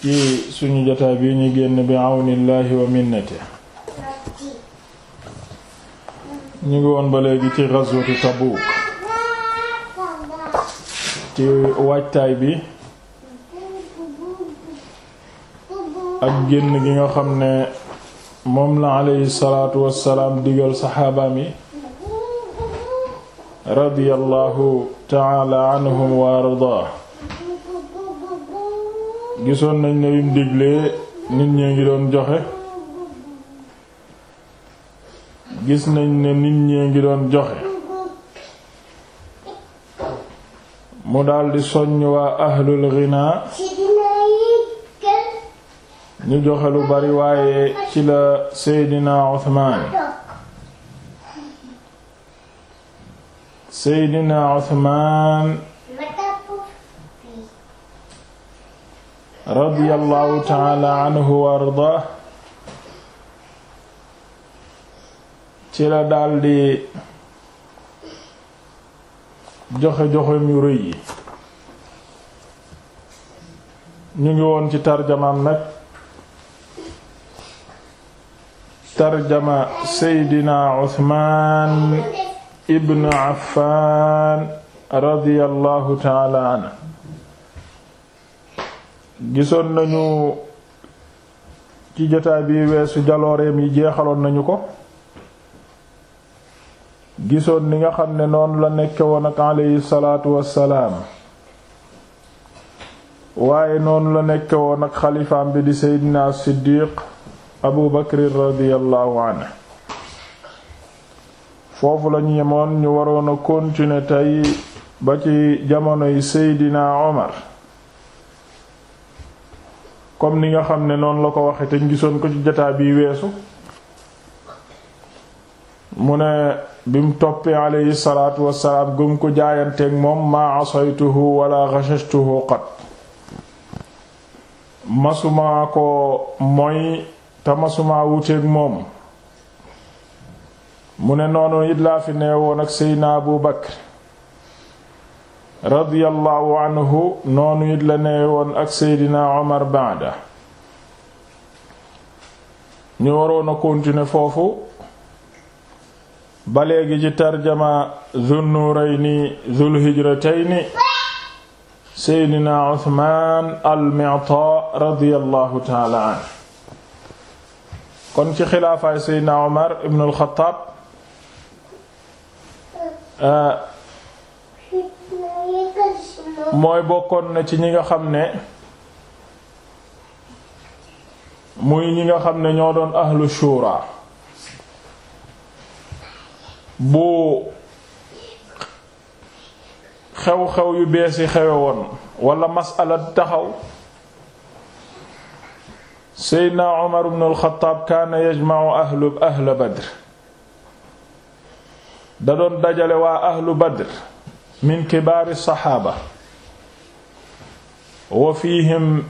ci suñu jotaay bi ñu génn bi àwnillaahi wa minnati ñu ngi woon ba léegi ci ghazwatu Tabuk ci waajtaay bi ak génn gi nga xam ne moom la alayhi salaatu wassalaam digal saxaabaam yi radiyallahu ta'ala anhum wa ardaah gisoon nañ ne bim diglee nit ñi ngi doon joxe gis nañ ne nit ñi joxe mu daldi soññ waa ahlul ghinaa ñu joxe lu bari waaye ci la seydina Usmaan radiyallahu taala anhu wa ardaa ci la daldi joxe joxe mu rëy yi ñu ngi woon ci tarjamaam nag tarjama seydina Usmaan ibn Affaan radiyallahu taala anhu gisoon nañu ci jotaay bii weesu jalooreem yi jeexaloon nañu ko gisoon ni nga xam ne noonu la nekke woon ak waaye noonu la nekke woon ak xalifaam bi di seydina siddiq abu bakrin radiyallahu anhu foofu lañu yemoon ñu waroon a continuer tey ba ci jamonoy seydina omar comme ni nga xam ne noonu la ko waxee te gisoon ko ci jataa bi weesu mu ne bi mu toppee alayhi salaatu wassalaam gëm ko jaayanteeg moom maa asaytuhu wala xashashtuhu qat masumaa ko mooy te masumaa wuteeg moom mu ne noonu it laa fi nee woon ak Seydina Abu Bakr radiyallahu anhu noonu it la nee woon ak seydina omar baada ñu waroon a continuer foofu ba léegi ci tarjama zunnurayni zulhijratayni seydina uthman al-mi'ta radiyallahu taala an kon ci xilaafaay seydina omar ibn al-khattab mooy bokkoon na ci ñi nga xam ne muy ñi nga xam ne ñoo doon ahlu shura bu xew-xew yu bees yi xewe woon wala masala taxaw seydna Umar ibn al-Khattab kaana yajma'u ahlu ahla Badr da doon dajale waa ahlu Badr min kibaari saxaaba wa fihim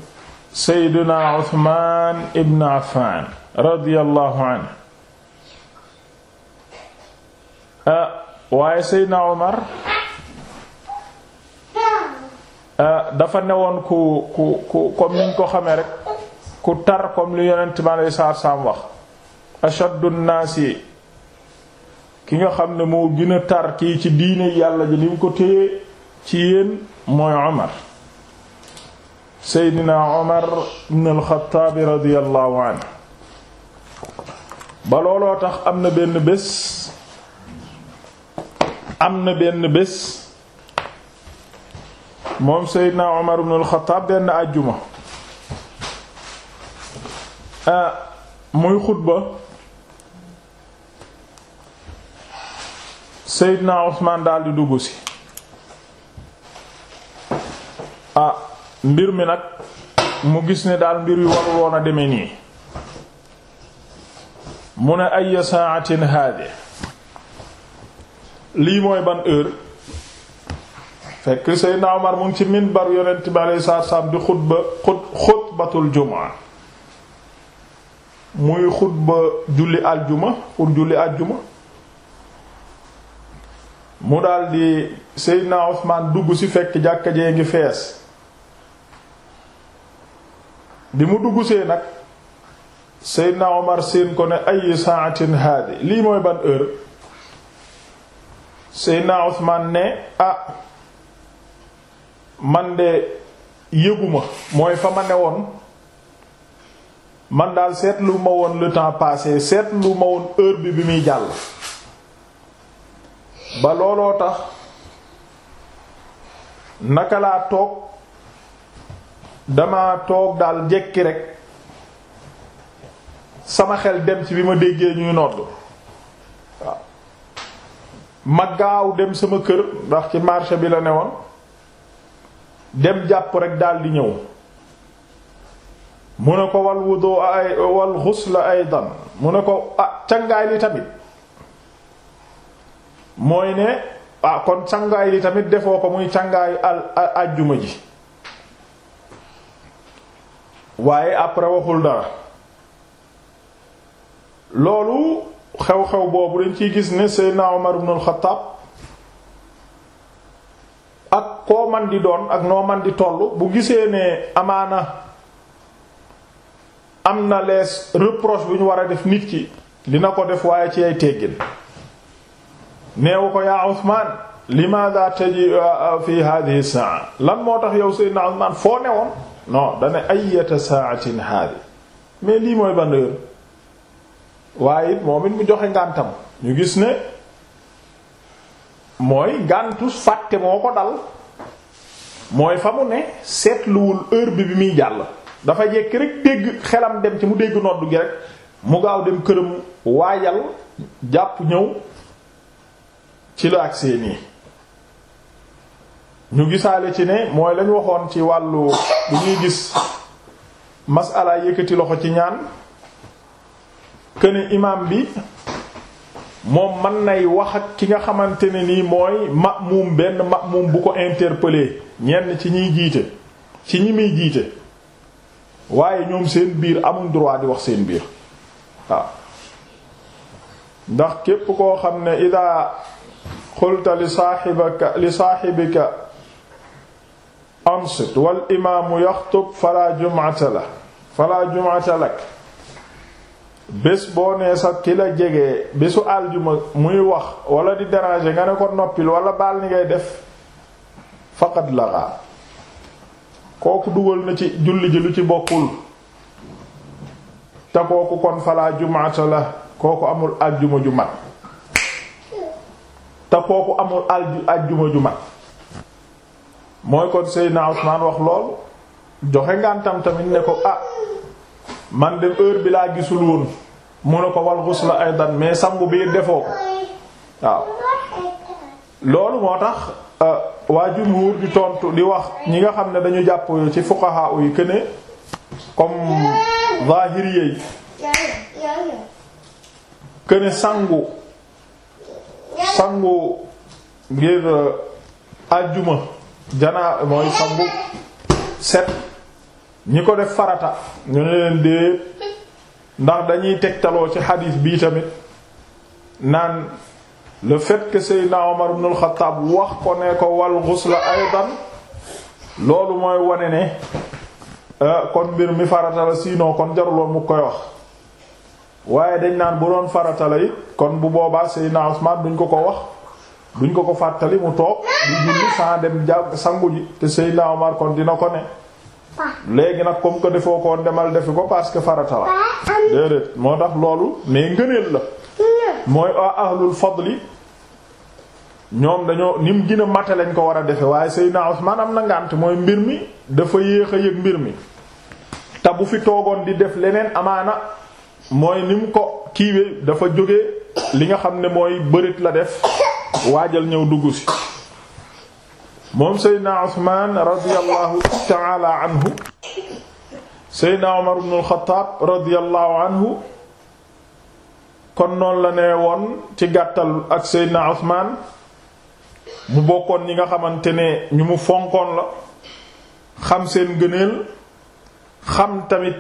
seydina uthman ibn affan radiyallahu anhu waaye seydina omar dafa newoon ku ku ku comme niñ ko xamee rek ku tar comme li yonent mi alayhi salaatu salaam wax ashaddu nnaasi ki nga xam ne moo gën a tar kii ci diine yàlla ji li mu ko téye ci yéen mooy Omar Seydina Omar ibn al radiyallahu anhu ba looloo tax am na benn bés am na benn bés moom Seydina Omar ibn al benn àjjuma ah, muy xutba Seydina Usmaan daal di dugg si ah mbir mi nag mu gis ni daal mbir yu warul deme nii mu ne ay saatin haade lii mooy ban heure fekk Seydina Omar mu ngi ci minbar yonent bi alayhi salaatu salaam di xutbatul jumaa muy xutba julli aljuma pour julli aljuma mu daldi Seydina Usmaan dugg ci fekk jàkka jee ngi fees bi mu dugg see nag Seydina Omar seen ko ne ay saatin haadi lii mooy ban heure Seydina Usmaan ne ah man de yëguma mooy fa ma ne woon man daal seetlu ma woon le temps passé seetlu ma woon heure bi bi muy jàll ba looloo tax naka laa toog dama toog daal jekki rek sama xel dem ci bi ma déggee ñuy nodd waaw ma gaaw dem sama kër ndax ci marché bi la ne woon dem jàpp rek daal di ñëw mu ne ko wal wudu ay wal ghusl aydan mu ne ko ah cangaay li tamit mooy ne ah kon càngaay li tamit defoo ko muy càngaayu al ji waaye après waxul dara loolu xew-xew boobu dañ ci gis ne Seydina Omar ibn al-Khattab ak koo man di doon ak noo man di toll bu gisee ne amaana am na les reproches bu ñu war a def nit ki dina ko def waaye ci ay teggin neewu ko yaa Usmaan limaada taji uh, uh, fi hadhihi saa lan moo tax yow Seydina Usmaan foo newoon non dane ayata saatin haadi mais lii mooy ban heure waaye it moom it mu joxe ngàntam ñu gis ne mooy ngàntu fàtte moo ko dal mooy fa mu ne seetluwul heure bi bi muy jàll dafa jekk rek dégg xelam dem ci mu dégg noddu gi rek mu gaaw dem këram waajal jàpp ñëw ci la agsee nii ñu gisaale ci ne mooy lañ waxoon ci wàllu bu ñuy gis masala yëkkati loxo ci ñaan këne imam bi moom man nay wax ak ki nga xamante ne nii mooy ma'mum benn ma'mum bu ko interpeller ñenn ci ñiy jiite ci ñi muy jiite waaye ñoom seen biir amul droit di wax seen biir ndax képp koo xam ne ida qulta li saaxibika li saaxibika ansit wal imaamu yaxtub falaa jum'ata la falaa jum'ata lak bés boo nee ki la jege bésu aljuma muy wax wala di déranger nga ne ko noppil wala baal ni ngay def faqad lagaa kooku dugal na ci julli ji lu ci bokkul te kooku kon falaa jum'ata la kooku amul aljuma ju mat te kooku amul alju ajjuma ju mat mooy kon Seydina Usmaan wax lool joxe ngantam tamit ne ko ah man dem heure bi laa gisul woon mu ne ko wal ghusla aydan mais sangu biir defoo ko waaw loolu moo tax euh, waa jumhur di tontu di wax ñi nga xam ne dañu jàpp ci fuqaha yi que ne comme zahiriyyi que ne sangu sangu ngir euh, àjjuma janaa mooy sangu set ñi ko def farata ñu ne dee ndax dañuy tegtaloo ci xadiis bii tamit naan le fait que Seydina Omar ibn al-Khattab wax ko ne ko wal ghusl aydan loolu mooy wane ne euh, kon mbir mi farata la sinon kon jaruloon mu koy wax waaye dañ naan bu doon farata la kon bu boobaa Seydina Usman duñ ko ko wax duñ ko ko fàttali mu toog di julli sans dem jàpp sangu ji te Seydina Omar kon dina ko ne léegi nag comme que defoo ko demal defi ko parce que farata la moo tax loolu mais ngëneel la mooy ahlul fadli ñoom dañoo ni mu gën mate lañ ko war a defe waaye Seydina Usman am na ngànt mooy mbir mi dafa yéex a yëg mbir mi te bu fi toogoon di def leneen amaana mooy ni mu ko kiiwee dafa jóge li nga xam ne mooy bërit la def waajal ñëw dugg ci moom seydna Usmaan radiyallahu ta'ala anhu seydna Umar ibn al-Khattab anhu kon noonu la ne woon ci gàttal ak seydna Usmaan mu bokkoon ñi nga xamante ne ñu mu fonkoon la xam seen gëneel xam tamit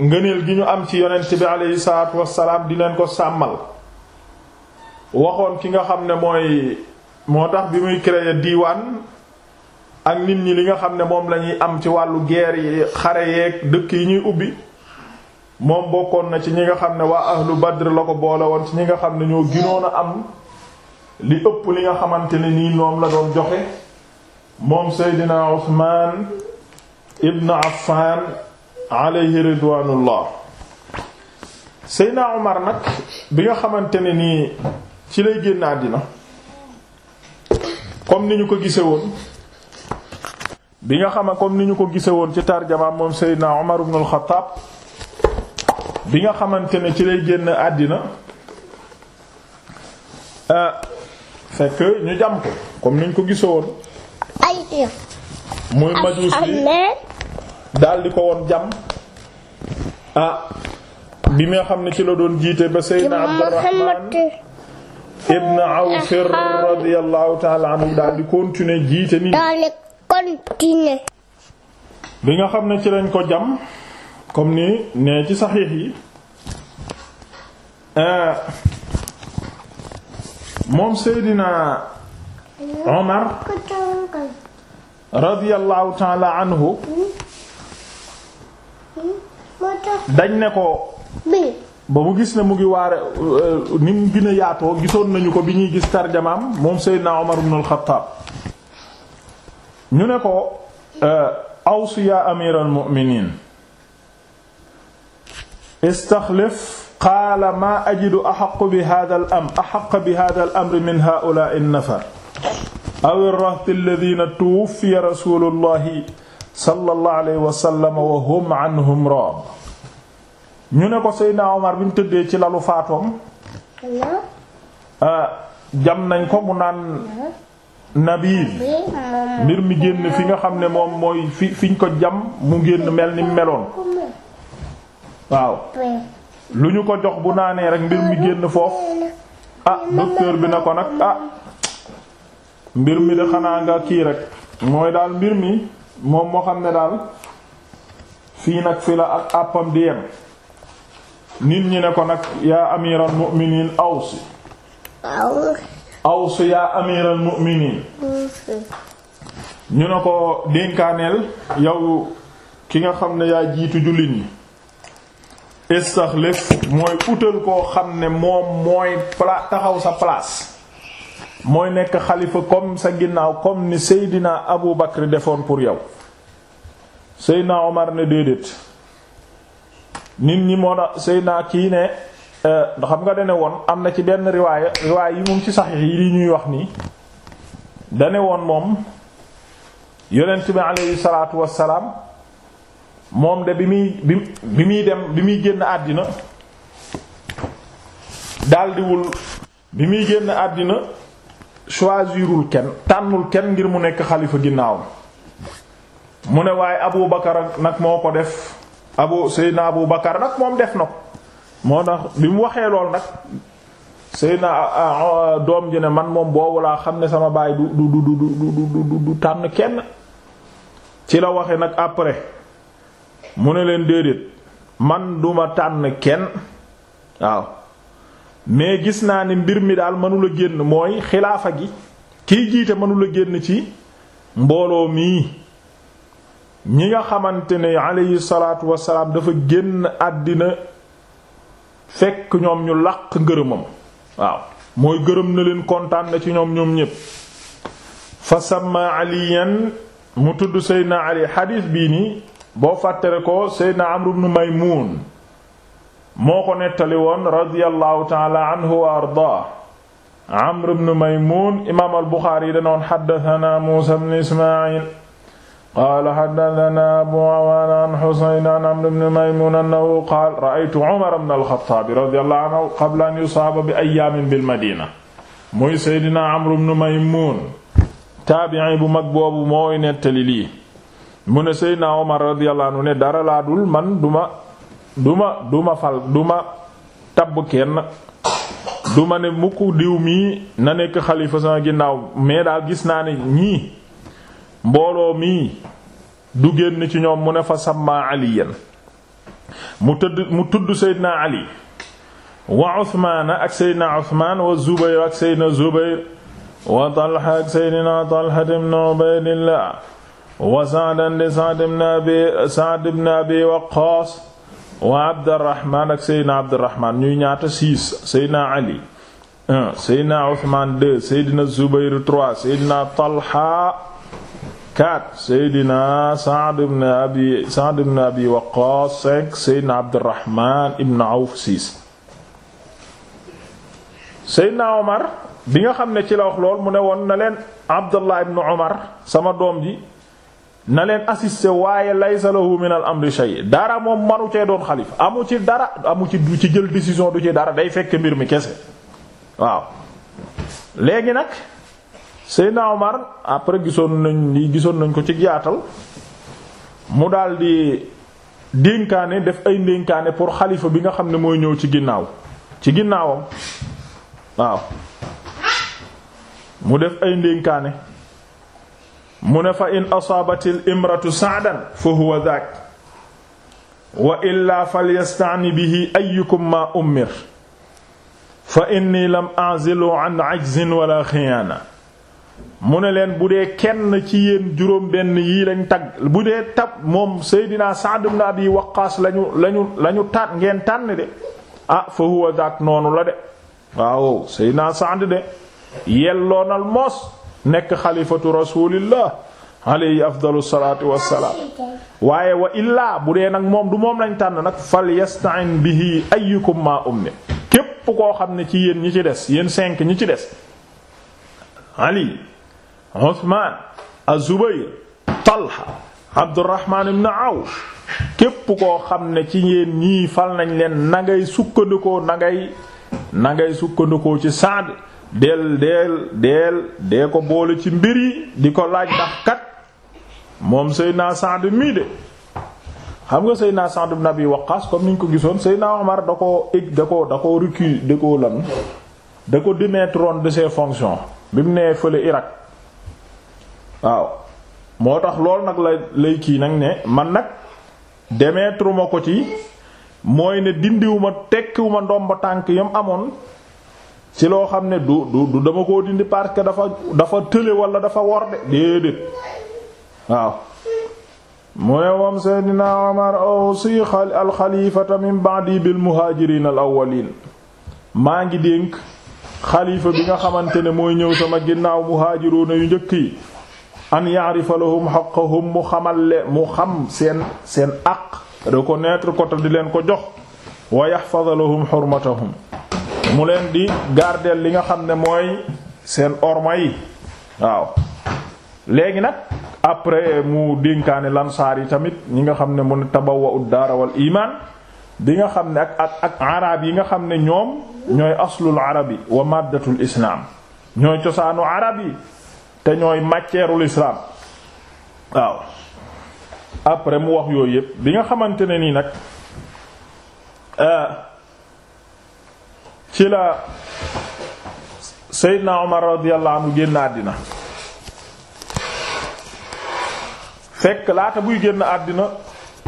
ngëneel gi ñu am ci yonent bi aleyhi salaatu di leen ko sàmmal waxoon ki nga xam ne mooy moo tax bi muy créer diiwaan ak nit ñi li nga xam ne moom lañuy am ci wàllu geer yi xare yeeg dëkk yi ñuy ubbi moom bokkoon na ci ñi nga xam ne waa ahlu badr la ko boolewoon ci ñi nga xam ne ñoo ginoon a am li ëpp li nga xamante ne nii moom la doon joxe moom Seydina Usmaan ibn Affan alayhi ridwaanullah Seydina Omar nag bi nga xamante ne nii ci lay génn àddina comme ni ñu ko gise woon bi nga xama comme ni ñu ko gise woon ci tarjama moom Seydina Omar ibn al bi nga xamante ne ci lay génn àddina euh, fekk ñu jam ko comme ni ñu ko gise woon eh. majuus bi daal di ko woon jam ah, bi nga xam ne ci la doon jiite ba Seydina Abdurrahman ibn Awf radiyallahu ta'ala anhu daal di continuer jiite nii. daal nga xam ne ci lañ ko jam comme ni nee ci saxiix yi eh, moom Seydina Omar radiyallahu ta'ala anhu. dañ ne ko ba mu gis ne mu ngi waare euh, ni mu gën a gisoon nañu ko bi ñuy gis tarjamaam moom Seydina Omar ibn al ñu ne ko euh, awsi yaa amiral mu'miniin istaxlif qaala maa ajidu axaqu bi haadal am min haa'ulaa'i an-nafar aw ar-rahti alladhiina tuwuffiya sallallahu alayhi wa sallam wa hum anhum raad ñu ne ko Seydina Omar bi mu tëddee ci lalu faatoom ah, jam nañ ko mu naan nabiir mbir mi génn fi nga xam ne moom mooy fi fiñ ko jam mu génn mel ni meloon waaw lu ñu ko jox bu naanee rek mbir mi génn foofu ah docteur bi na ko nag ah mbir mi de xanaa nga kii rek mooy daal mbir mi moom moo xam ne daal fii nag fi la ak àppam di yem nit ñi ne ko nag yaa amiral mu'miniin awsi awsi yaa amiral mu'miniin ñu ne ko dénkaaneel yow ki nga xam ne yaa jiitu jullit ñi istaxlif mooy utal koo xam ne moom mooy pla taxaw sa place mooy nekk xalifa comme sa ginnaaw comme ni Seydina Abu Bakr defoon pour yow Seydina Omar ne déedéet nit ñi moo tax Seydina kii ne eh, xam nga dane woon am na ci benn riwaaya riwaaya yi moom ci saxiix yi li ñuy wax nii dane woon moom yonent bi aleyhi salaatu wassalaam bi muy bi muy dem bi muy génn àddina daldiwul bi muy génn àddina choisirul kenn tànnul kenn ngir mu nekk xalifa ginnaawam mu ne waaye Abu Bakar nag moo ko def Abu Seydina Abu Bakar nag moom def na ko moo tax bi mu waxee lool nag Seydina doom ji ne man moom boobu laa xam ne sama baay du du du du du du tànn kenn ci la waxee nag après mu ne leen déedéet man duma tànn kenn waaw mais gis naa ne mbir mi daal mënula génn mooy xilaafa gi kiy jiite mënula génn ci mbooloo mii ñi nga xamante ne aleyhi salaatu wasalaam dafa génn àddina fekk ñoom ñu laq ngërëmam waaw mooy gërëm na leen kontaan na ci ñoom ñoom ñépp fa sama aliyan mu tudd seydna ali xadiis bii nii boo fàttale ko seydna amru ibn maymun moo ko nettali woon radiyallahu taala anhu wa ardaa amr ibn maymuun imaam al buxaari danoon xaddatana muusa ibn ismail qaala xaddatana abu awaan an xusayn an amr ibn maymuun annahu qaal ra'aytu umar ibn alxattaab radiyallahu anhu qabla an yusaaba bi ayyaamin bil madina muy seydina amr ibn maymuun taabi'i bu mag boobu mooy nettali lii mu ne seydina umar radiyallahu anhu ne dara laa dul man duma duma duma fal duma tabb kenn duma ne mukk diw mii na nekk xalifa sama ginnaaw mais daal gis naa ne ñii mbooloo mii du génn ci ñoom mu ne fa samma aliyan mu tëdd mu tudd seydna ali wa uthmaana ak seydna uthmaan wa zubayr ak seydna zubayr wa talha ak seydna talha ibn ubaydillah wa sa'd ibn abi sa'd ibn abi waqqaas wa Abdurrahman ak Seydina Abdurrahman ñuy ñaata six Seydina Ali un Seydina Uthman deux Seydina Zubayr trois Seydina Talha quatre Seydina Sa'd ibn Abi Sa'd ibn Abi Waqqas cinq Seydina Abdurrahman ibn Awf six Seydina Omar bi nga xam ne ci la wax lool mu ne woon na leen Abdullah ibn Omar sama doom ji na leen assisté waaye laysa lahu min am amri shay dara moom manu cee doon xalifa amu ci dara amu ci du ci jël décision du ci dara day fekk mbir mi kese waaw léegi nag Seydina Omar après gisoon nañ li gisoon nañ ko ci yaatal mu daldi dénkaane def ay dénkaane pour xalifa bi nga xam ne mooy ñëw ci ginnaaw ci ginnaawam waaw mu def ay dénkaane mu ne fa in asaabat al imratu sa'dan fa huwa dhaak wa illaa falyasta'ni bihi ayyukum ma ummir fa inni lam a'zilu an ajzin wala xiyaana mu ne leen bu dee kenn ci yéen juróom benn yii lañ tagg bu dee tab moom seydinaa Sa'd ibn Abi Waqqaas lañu lañu lañu tànn ngeen tànn de ah fa huwa dhaak noonu la de waaw seydinaa Sa'd de yelloonal moos nekk xalifatu rasulillah alayhi waaye wa illaa bu dee nag moom du moom lañ tànn nag fal yasta'in bihi ayyukum ma ummi képp koo xam ne ci yéen ñi ci des yéen cinq ñi ci des ali uthman az-zubayr talha abdurrahman ibn awf képp koo xam ne ci yéen ñii fal nañ leen na sukkandikoo na ngay na ngay sukkandikoo ci Saad del del dee ko boole ci mbir yi di ko laaj ndax kat moom Seydina Sa'd mii de xam nga naa Seydina Sa'd ibn Abi Waqqas comme ñu ko gisoon Seydina Omar da ko ëgg da ko da ko recu da ko lan da ko démettroon de ses fonctions bi mu nee fële Irak waaw moo tax loolu nag la lay kii nag ne man nag démettre ma ko ci mooy ne dindiwuma tekkiwuma ndomba tànk yam amoon ci loo xam ne du du dama ko dindi parce que dafa dafa tële wala dafa wor de déedéet waaw mu ne moom seydina Umar awsi alxalifata min ba'di bil muhaajiriin awwaliin maa ngi dénk xalifa bi nga xamante ne mooy ñëw sama ginnaaw muhaajiruuna yu njëkk yi an ya'rifa lahum mu xamalle mu xam seen seen àq reconnaître ko te di leen ko jox wa yahfaz lahum hurmatahum mu leen di gardeel li nga xam ne mooy seen orma yi waaw léegi nag après mu dénkaane lansaar yi tamit ñi nga xam ne mu ne tabawa ud daara wal bi nga xam ne ak ak ak arab yi nga xam ne ñoom ñooy aslul arabi wa maddatul islam ñooy cosaanu arab yi te ñooy matièreul islam waaw après mu wax yooyu yëpp bi nga xamante ne nii nag euh, ci la Seydina Omar radiyallahu anhu génn àddina fekk laata buy génn àddina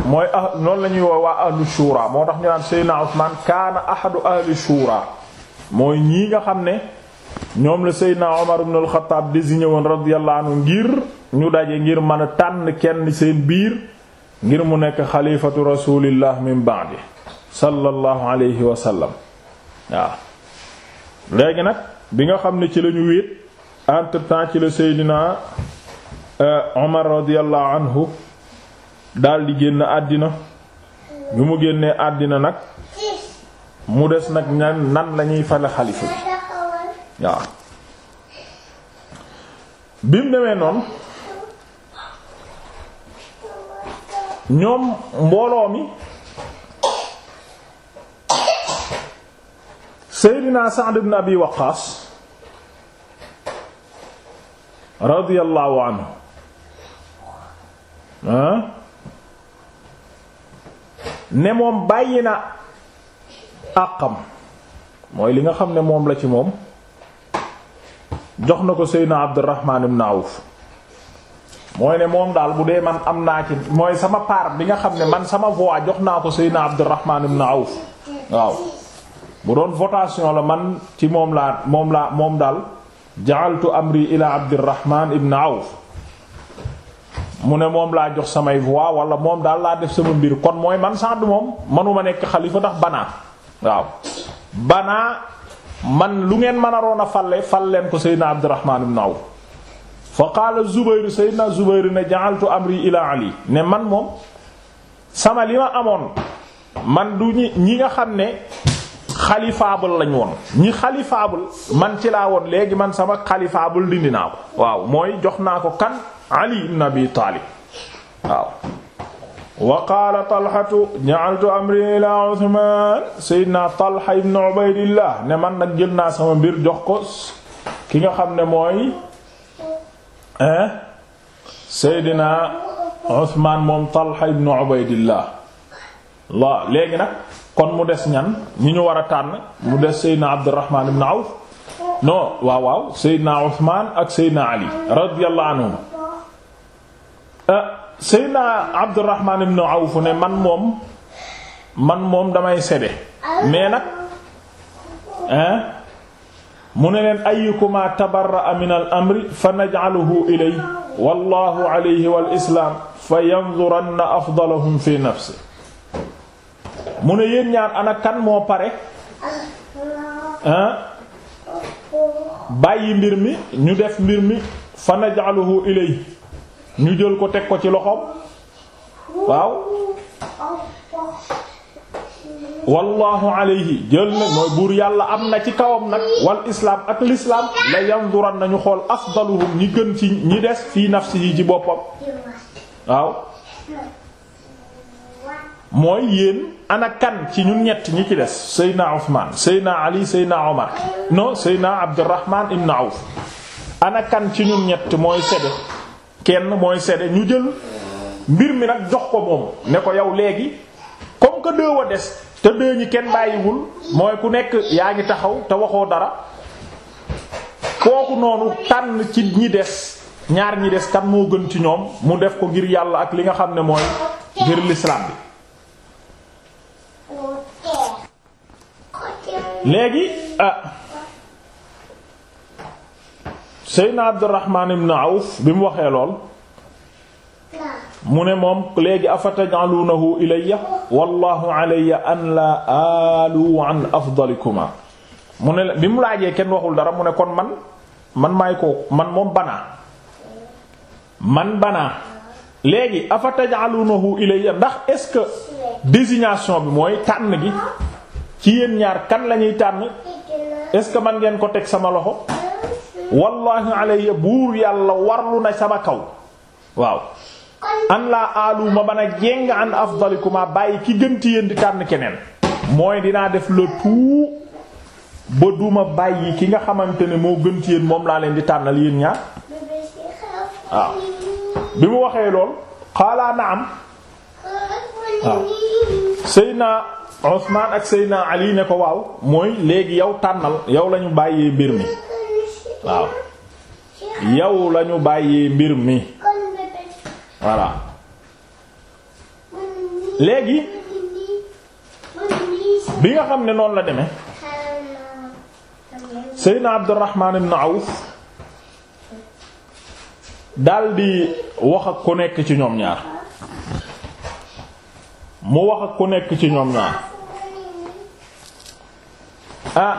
mooy ah noonu la ñuy waa ahlu shura moo tax ñu naan Seydina Usmaan kaana ahadu ahli shura mooy ñii nga xam ne ñoom la Seydina Omar ibn al-Khattab désigné woon radiyallahu anhu ngir ñu daje ngir mën tànn kenn seen biir ngir mu nekk xalifatu rasulillah min ba'di sallallahu alayhi wa waaw léegi nag bi nga xam ne ci la ñu wéet entre temps ci la Seydina euh, Omar radiyallahu anhu daal génn àddina bi mu génnee àddina nag mu des nag nan nan la ñuy fale xalifa bi waaw bi mu demee noon ñoom mbooloo mi. Seydina Sa'd ibn Abi Waqqaas radiyallahu anhu ne moom bàyyi na àqam mooy li nga xam ne moom la ci moom jox na ko Seydina Abdurrahman ibn Awf mooy ne moom daal bu dee man am naa ci mooy sama part bi nga xam ne man sama voix jox naa ko Seydina Abdurrahman ibn Awf waaw bu doon votation la man ci moom laa moom laa moom daal ja'altu amri ila abdirahman ibn awf mu ne moom laa jox samay voix wala moom daal laa def sama mbir kon mooy man sax du moom manuma nekk xalifa tax banaa waaw banaa man lu ngeen mën a roon a falle fal leen ko seydna abdirahman ibn awf fa qaala zubayr seydna zubayr ne ja'altu amri ila ali ne man moom sama li ma amoon man du ñi ñi nga xam ne xalifaabul lañ woon ñi xalifaabul man ci laa woon léegi man sama xalifaabul dindi naa ko waaw mooy jox naa ko kan ali ibn abi taalib waaw wa qaala talhatu ja'altu amri ila uthman sayyidina talha ibn ubaydillah ne man nag jël naa sama mbir jox ko ki nga xam ne mooy sayyidina uthman moom talha ibn ubaydillah la léegi nag kon mu des ñan ñi ñu war a tànn mu des Seydina Abdurrahman ibn Awf non waaw waaw Seydina Usman ak Seydina Ali radiyallahu anhuma eh, Seydina Abdurrahman ibn Awf ne man moom man moom damay sede mais nag mu ne leen ayyukuma tabarra'a min al-amri fa naj'aluhu ilayhi wallahu alayhi wal islam fa yanzuranna afdalahum fi nafsihi mu ne yéen ñaar ana kan moo pare bàyyi mbir mi ñu def mbir mi fa naj'aluhu ilay ñu jël ko teg ko ci loxoom waaw wallahu alayhi jël na mooy buur yàlla am na ci kawam nag wal islaam ak lislaam la yanduran nañu xool afdaluhum ñi gën ci ñi des fii nafsi yi ci boppam waaw mooy yéen ana kan ci ñun ñett ñi ci des Seydina Ousmane Seydina Ali Seydina Omar non Seydina Abdurrahman ibn Awf ana kan ci ñun ñett mooy sede kenn mooy sede ñu jël mbir mi nag jox ko moom ne ko yow léegi comme que dëew a des te dëew ñi kenn bàyyiwul mooy ku nekk yaa ngi taxaw te waxoo dara kooku noonu tànn ci ñi des ñaar ñi des kan moo gën ci ñoom mu def ko ngir yàlla ak li nga xam ne mooy ngir l'islam bi léegi ah Seydina Abdurrahman ibn Awf bi mu waxee lool mu ne moom léegi afatajaluunahu ilayya wallahu alayya an la alu an afdalikuma mu ne bi mu laajee kenn waxul dara mu ne kon man man maay ko man moom banaa man banaa léegi afatajaluunahu ilayya ndax est-ce que désignation bi mooy tànn gi ci yéen ñaar kan lañuy tànn est-ce que man ngeen ko teg sama loxo wallahi alayya buur yàlla warlu na sama kaw waaw an laa aaluma man a jeng an afdalikuma bàyyi ki gën ti yéen di tànn keneen mooy dinaa def le tout ba duma bàyyi ki nga xamante ne moo gën ci yéen moom laa leen di tànnal yéen ñaar waaw bi mu waxee lool xaalaa na am waaw sëy naa Ousmane ak Seydina Ali ne ko waaw mooy léegi yow tànnal yow lañu bàyyee mbir mi waaw yow lañu bàyyee mbir mi voilà léegi bi nga xam ne noonu la deme demee Seydina Abdurrahman na Awf daldi wax ak ku nekk ci ñoom ñaar mu wax ak ku nekk ci ñoom ñaar ah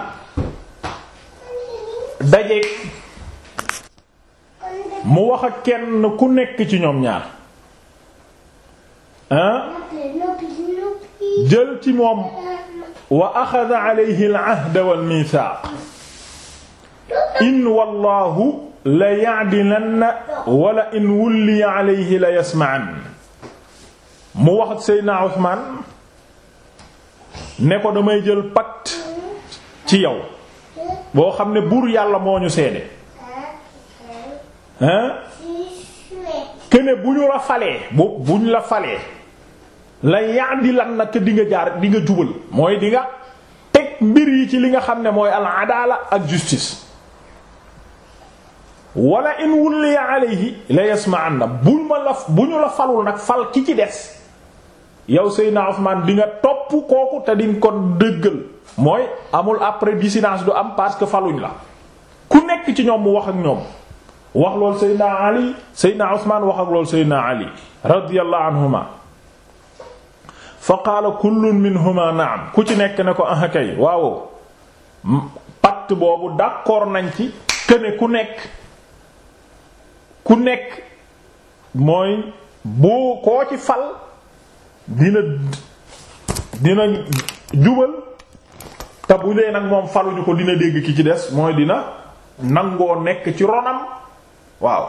mu wax ak kenn ku nekk ci ñoom ñaar ah. jël ci moom wa axada alayhi al-ahda wal-mithaaq in wallahu la ya'dilanna wala in wulliya alayhi la yasma'an mu wax ak Seydina Usmaan ne ko damay jël pacte ci yow boo xam ne buur yàlla moo ñu seede hein bu ñu la falee bu bu ñu la falee la yandi lan na di nga jaar di nga jubal mooy dinga teg mbir yi ci li nga xam ne mooy al adala ak justice wala in wulliya alayhi la yasma'anna buñ ma la bu ñu la falul nag fal ki ci des yow Seydina Ousmane di nga topp kooku te di nga ko dëggal mooy amul après dissidence du am parce que faluñ la ku nekk ci ñoom mu wax ak ñoom wax lool Seydina Ali Seydina Ousmane wax ak lool Seydina Ali radiyallahu anhuma fa qaala kullun minhuma naam ku ci nekk ne ko ah kay waaw boobu d'accord nañ ci këne ku nekk ku nekk mooy boo koo ci fal dina dina jubal te bu dee nag moom faluñu ko dina dégg ki ci des mooy dina nangoo nekk ci ronam waaw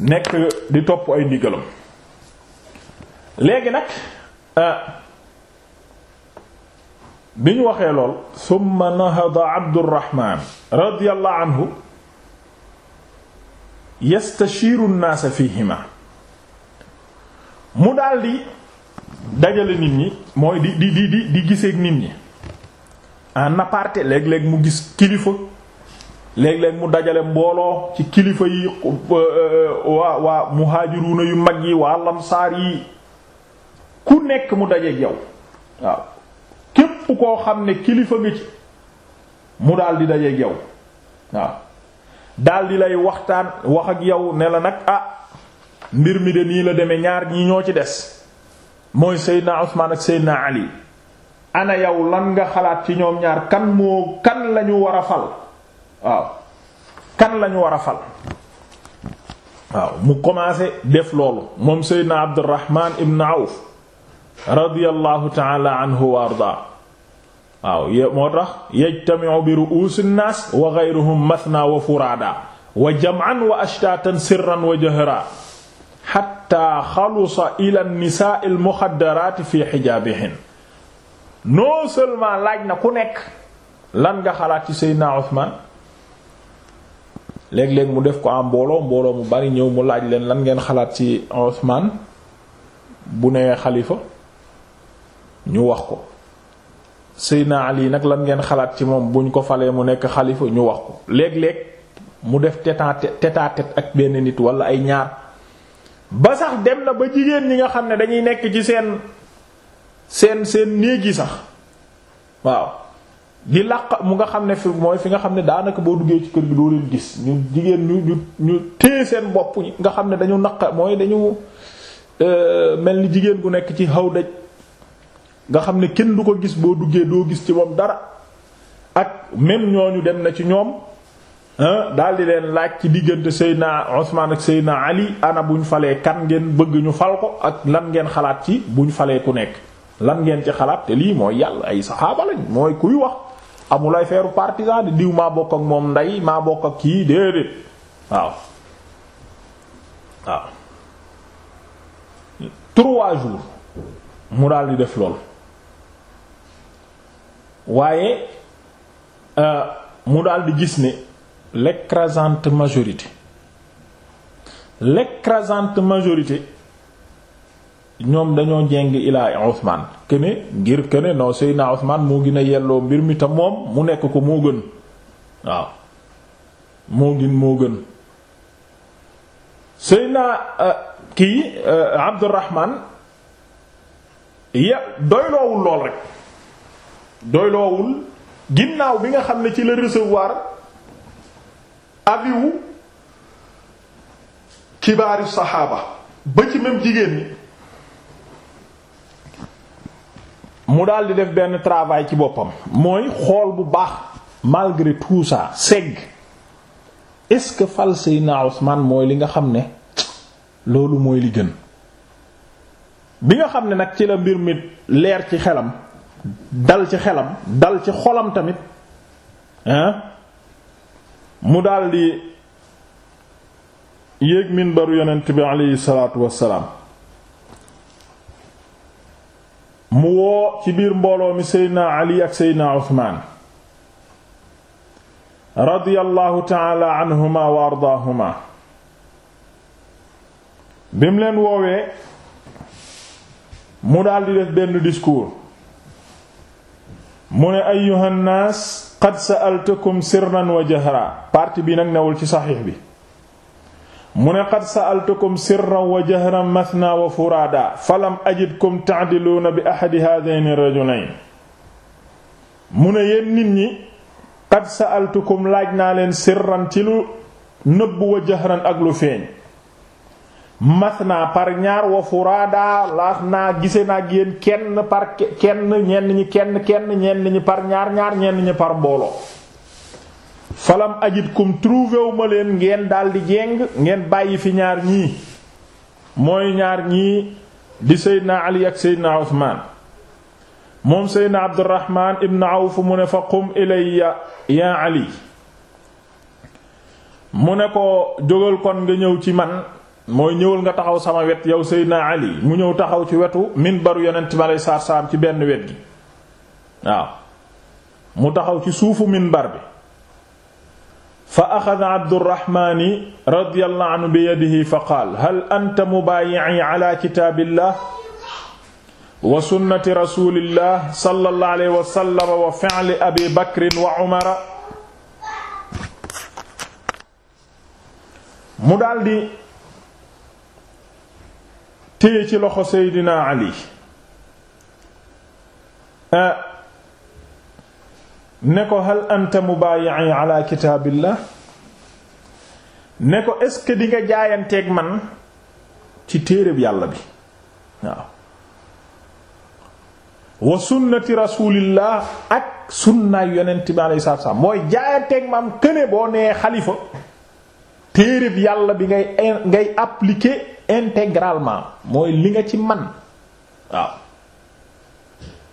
nekk di topp ay ndigalam léegi nag euh, bi ñu waxee lool summa nahada abdurrahman radiyallahu anhu yastashiru an-nas mu daldi dajale nit ñi mooy di di di di di giseek nit ñi en aparté léeg-léeg mu gis kilifa léeg-léeg mu dajale mbooloo ci kilifa yi euh, waa waa muhaajiruuna yu mag yi waa lamsaar yi ku nekk mu dajeek yow waaw képp koo xam ne kilifa nga ci mu daal di dajeek yow waaw daal di lay waxtaan wax ak yow ne la nag ah mbir mi de nii la demee ñaar ñii ñoo ci des mooy Seydina Usmaan ak Seydina Ali ana yow lan nga xalaat ci ñoom ñaar kan moo kan lañu war a fal lañu war a mu commencé def loolu moom Seydina Abdurrahman ibn Awf radiyallahu ta'ala anhu wa ardaa waaw moo tax yajtami'u bi ru'uusi an-naas wa ghayruhum mathna wa furaada wa jam'an wa ashtatan sirran wa jahra xatta xalusa ila nisaa il muxaddaraati fi xijaabihin non seulement laaj na ku nekk lan nga xalaat ci Seydina Usmaan léeg-léeg mu def ko am mbooloo mbooloo mu bari ñëw mu laaj leen lan ngeen xalaat ci Usmaan bu newee xalifa ñu wax ko Seydina Ali nag lan ngeen xalaat ci moom buñ ko falee mu nekk xalifa ñu wax ko léeg-léeg mu def tête à ak benn nit wala ay ñaar ba sax dem na ba jigéen ñi nga xam ne dañuy nekk ci seen seen seen néeg sax waaw di làq mu nga xam ne fi mooy fi nga xam ne daanaka boo duggee ci kër gi doo leen gis ñu jigéen ñu ñu ñu téye seen bopp nga xam ne dañu naq mooy dañu euh, mel ni jigéen gu nekk ci xaw daj nga xam ne kenn du ko gis boo duggee doo gis ci moom dara ak même ñooñu dem na ci ñoom daal di leen laaj ci diggante naa Ousmane ak Seydina Ali ana bu ñu falee kan ngeen bëgg ñu fal ko ak lan ngeen xalaat ci bu ñu falee ku nekk lan ngeen ci xalaat te lii mooy yàlla ay saxaaba lañ mooy kuy wax amul ay feeru partisan di diw maa bokk ak moom ndey maa bokk ak kii déedéet waaw waaw trois jours mu daal di def lool waaye euh, mu daal di gis ni l'écrasante majorité l'écrasante majorité ñoom dañoo jeng ilaa Ousmane kene ngir kene non Seydina Ousmane moo gën a yelloo mbir mi te moom mu nekk ko moo gën waaw moo gën moo gën Seydina euh, kii euh, Abdurrahman ya doyloowul lool rek doyloowul ginnaaw bi nga xam ne ci la recevoir aviwu kibaaru saxaaba ba ci même jigéen ñi mu daal di def benn travail ci boppam mooy xool bu baax malgré tout segg est-ce que fal Seydina Usmaan mooy li nga xam ne loolu mooy li gën bi nga xam ne nag ci la mbir mit leer ci xelam dal ci xelam dal ci xolam tamit hein mu daldi yéeg minbaru yonent bi aleyhi salaatu wassalaam mu woo ci biir mbooloo mi seydna ali ak seydna uthman radiyallahu taala anhuma wa ardaahuma bi mu leen woowee mu daldi def benn discours mu ne ayyuhan naas qad sa'altukum sirran wa jahra partie bi nag newul ci saxiix bi mu ne qad sa'altukum sirran wa jahran mathna wa furaada falam ajidkum ta'diluuna bi ahadi haadayni rajulayn mu ne yéen nit ñi qad sa'altukum laaj naa leen sirran ci lu nëbb wa jahran ak feeñ mas naa par ñaar wa furaada laas naa gise naag yéen kenn par kenn ñenn ñi kenn kenn ñenn ñi par ñaar ñaar ñenn ñi par mbooloo falam ajit kum trouvé leen ngeen daldi jéng ngeen bàyyi fi ñaar ñii mooy ñaar ñii di seydna ali ak seydna usmaan moom seydna abdurahmaan ibn awf mu ne fa qum ilayya ya ali mu ne ko jógal kon nga ñëw ci man mooy ñëwul nga taxaw sama wet yow Seydina Ali mu ñëw taxaw ci wetu minbaru yonent ma lay saar saam ci benn wet gi mu taxaw ci suufu minbar bi fa axada Abdurrahmaani radiyallahu anhu bi yadihi fa qaal hal anta mubaayi'i ala kitaabillah wa sunnati rasulillah sallallahu alayhi wa sallam wa fi'li abi bakrin wa umara mu daldi téye ci loxo Seydina Ali ah, ne ko hal anta mubaayi'i ala kitaabillah ne ko est-ce que di nga jaayanteeg man ci téereb yàlla bi waaw wa sunnati rasulillah ak sunnaay yonent bi alayhi salaatu salaam mooy jaayanteeg man këne boo nee xalifa téereb yàlla bi ngay ngay appliquer intégralement mooy li nga ci man waaw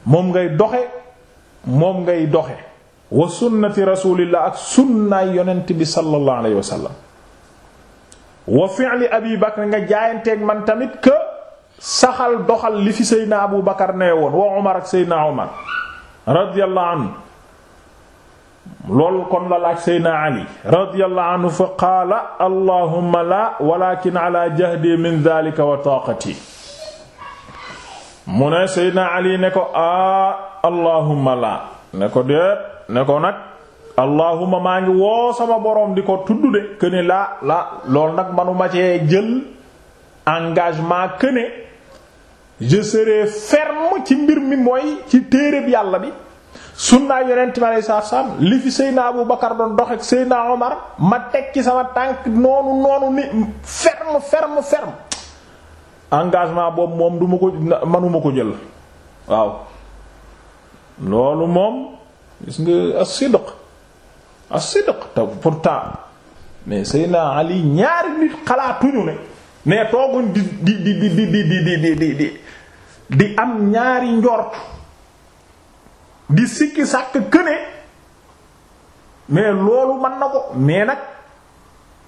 moom ngay doxe moom ngay doxe wa sunnati rasulillah ak sunnaay yonent bi sallallahu alayhi wa sallam wa fi'li abi bakr nga jaayanteeg man tamit que saxal doxal li fi seydna abu bakar nee woon wa umar ak seydna umar radiyallahu anhu lool kon la laaj seydna ali radiyallahu anhu fa qaala allahumma la walakin ala jahdi min dhalika wa taqati mu ne seydna ali ne ko a ah, allahumma la ne ko déet ne ko nag allahumma maa ngi woo sama boroom di ko tudd de këne laa laa loolu nag manuma cee jël engagement këne je serai ci mbir mi mooy ci téereb yàlla bi sunnaa yonent bi alayhi salaatu salaam li fi Seydina Abu Bakar doon dox ak Seydina Omar ma teg sama tànk noonu noonu ni ferme ferme ferme engagement boobu moom du ma ko manuma ko jël waaw loolu moom gis nga as-sidq as-sidq te pourtant mais Seydina Ali ñaari nit xalaatuñu ne mais tooguñ di di di di di di di di di am ñaari njort di sikki sàkk këne mais loolu mën na ko mais nag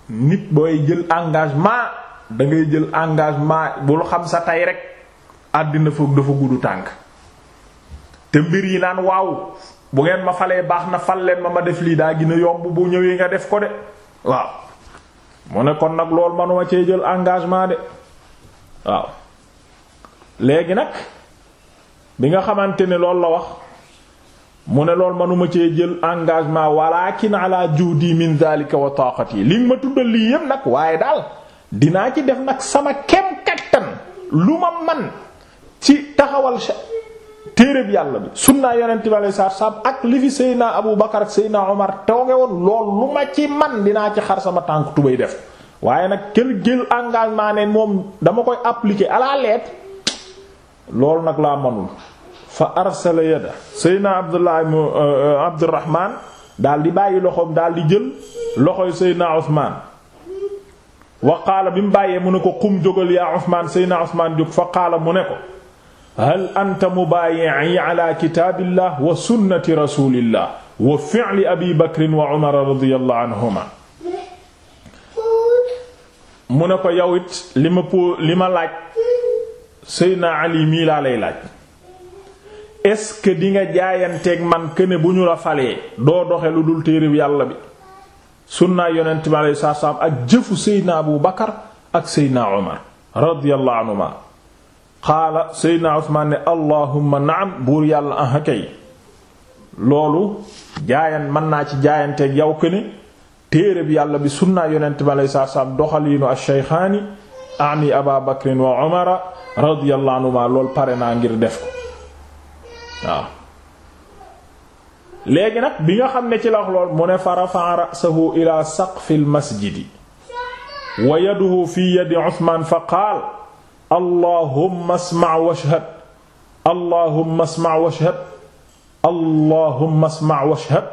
nit booy jël engagement da ngay jël engagement bul xam sa tay rek àddina foog dafa gudd tànk te mbir yi naan waaw bu ngeen ma falee baax na fal leen ma ma def lii daa gën yomb bu ñëwee nga def ko de waaw mu ne kon nag loolu manuma cee jël engagement de waaw léegi nag bi nga xamante ne loolu la wax mu ne loolu manuma cee jël engagement naa laa juhdi min zalika wa taqati li nga ma tuddal lii yëpp nag waaye daal dinaa ci def nag sama kem kattan lu ma man ci taxawal téereeb yàlla bi sunnaa yonent bi alayhi salaam ak li fi Seydina Abu Bakar ak Seydina Omar tooge woon lool lu ma ci man dinaa ci xar sama tànk tubay def waaye nag kenn jël engagement ne moom dama koy appliquer à la loolu nag laa manul fa arsala yada seydna abdullah uh, uh, abdurrahman daal di bàyyi loxoom daal di jël loxoy seydna usman wa qaala bi mu bàyyee mu ne ko qum jógal yaa usman seydna usman jóg fa qaala mu ne ko hal anta mubaayi'i ala kitaabillah wa sunnati rasulillah wa fi'li abi bakrin wa umar radiyallahu anhuma mu ne ko yow it li ma po li ma laaj seydna ali mii laa lay laaj est-ce que nga jaayanteeg man këne bu ñu la falee doo doxe lu dul téereeb yàlla bi sunnaa yonent ak jëfu seydna abu bakar ak seydna omar radiyallahu anhuma xaala seydna usmaan allahumma naam buur yàlla aha kay loolu jaayan mën naa ci jaayanteeg yow këne téereeb yàlla bi sunnaa yonent bi alayhi salaam doxaliinu ash-shaykhaani ani aba bakrin wa omara radiyallahu anhuma pare naa ngir def ko waaw léegi nag bi nga xam ne ci la wax lool mu ne fa rafa'a ra'sahu ila saqfil masjidi wa yaduhu fi yadi Usmaan fa qaal allahumma isma' washhad allahumma isma' washhad allahumma isma' washhad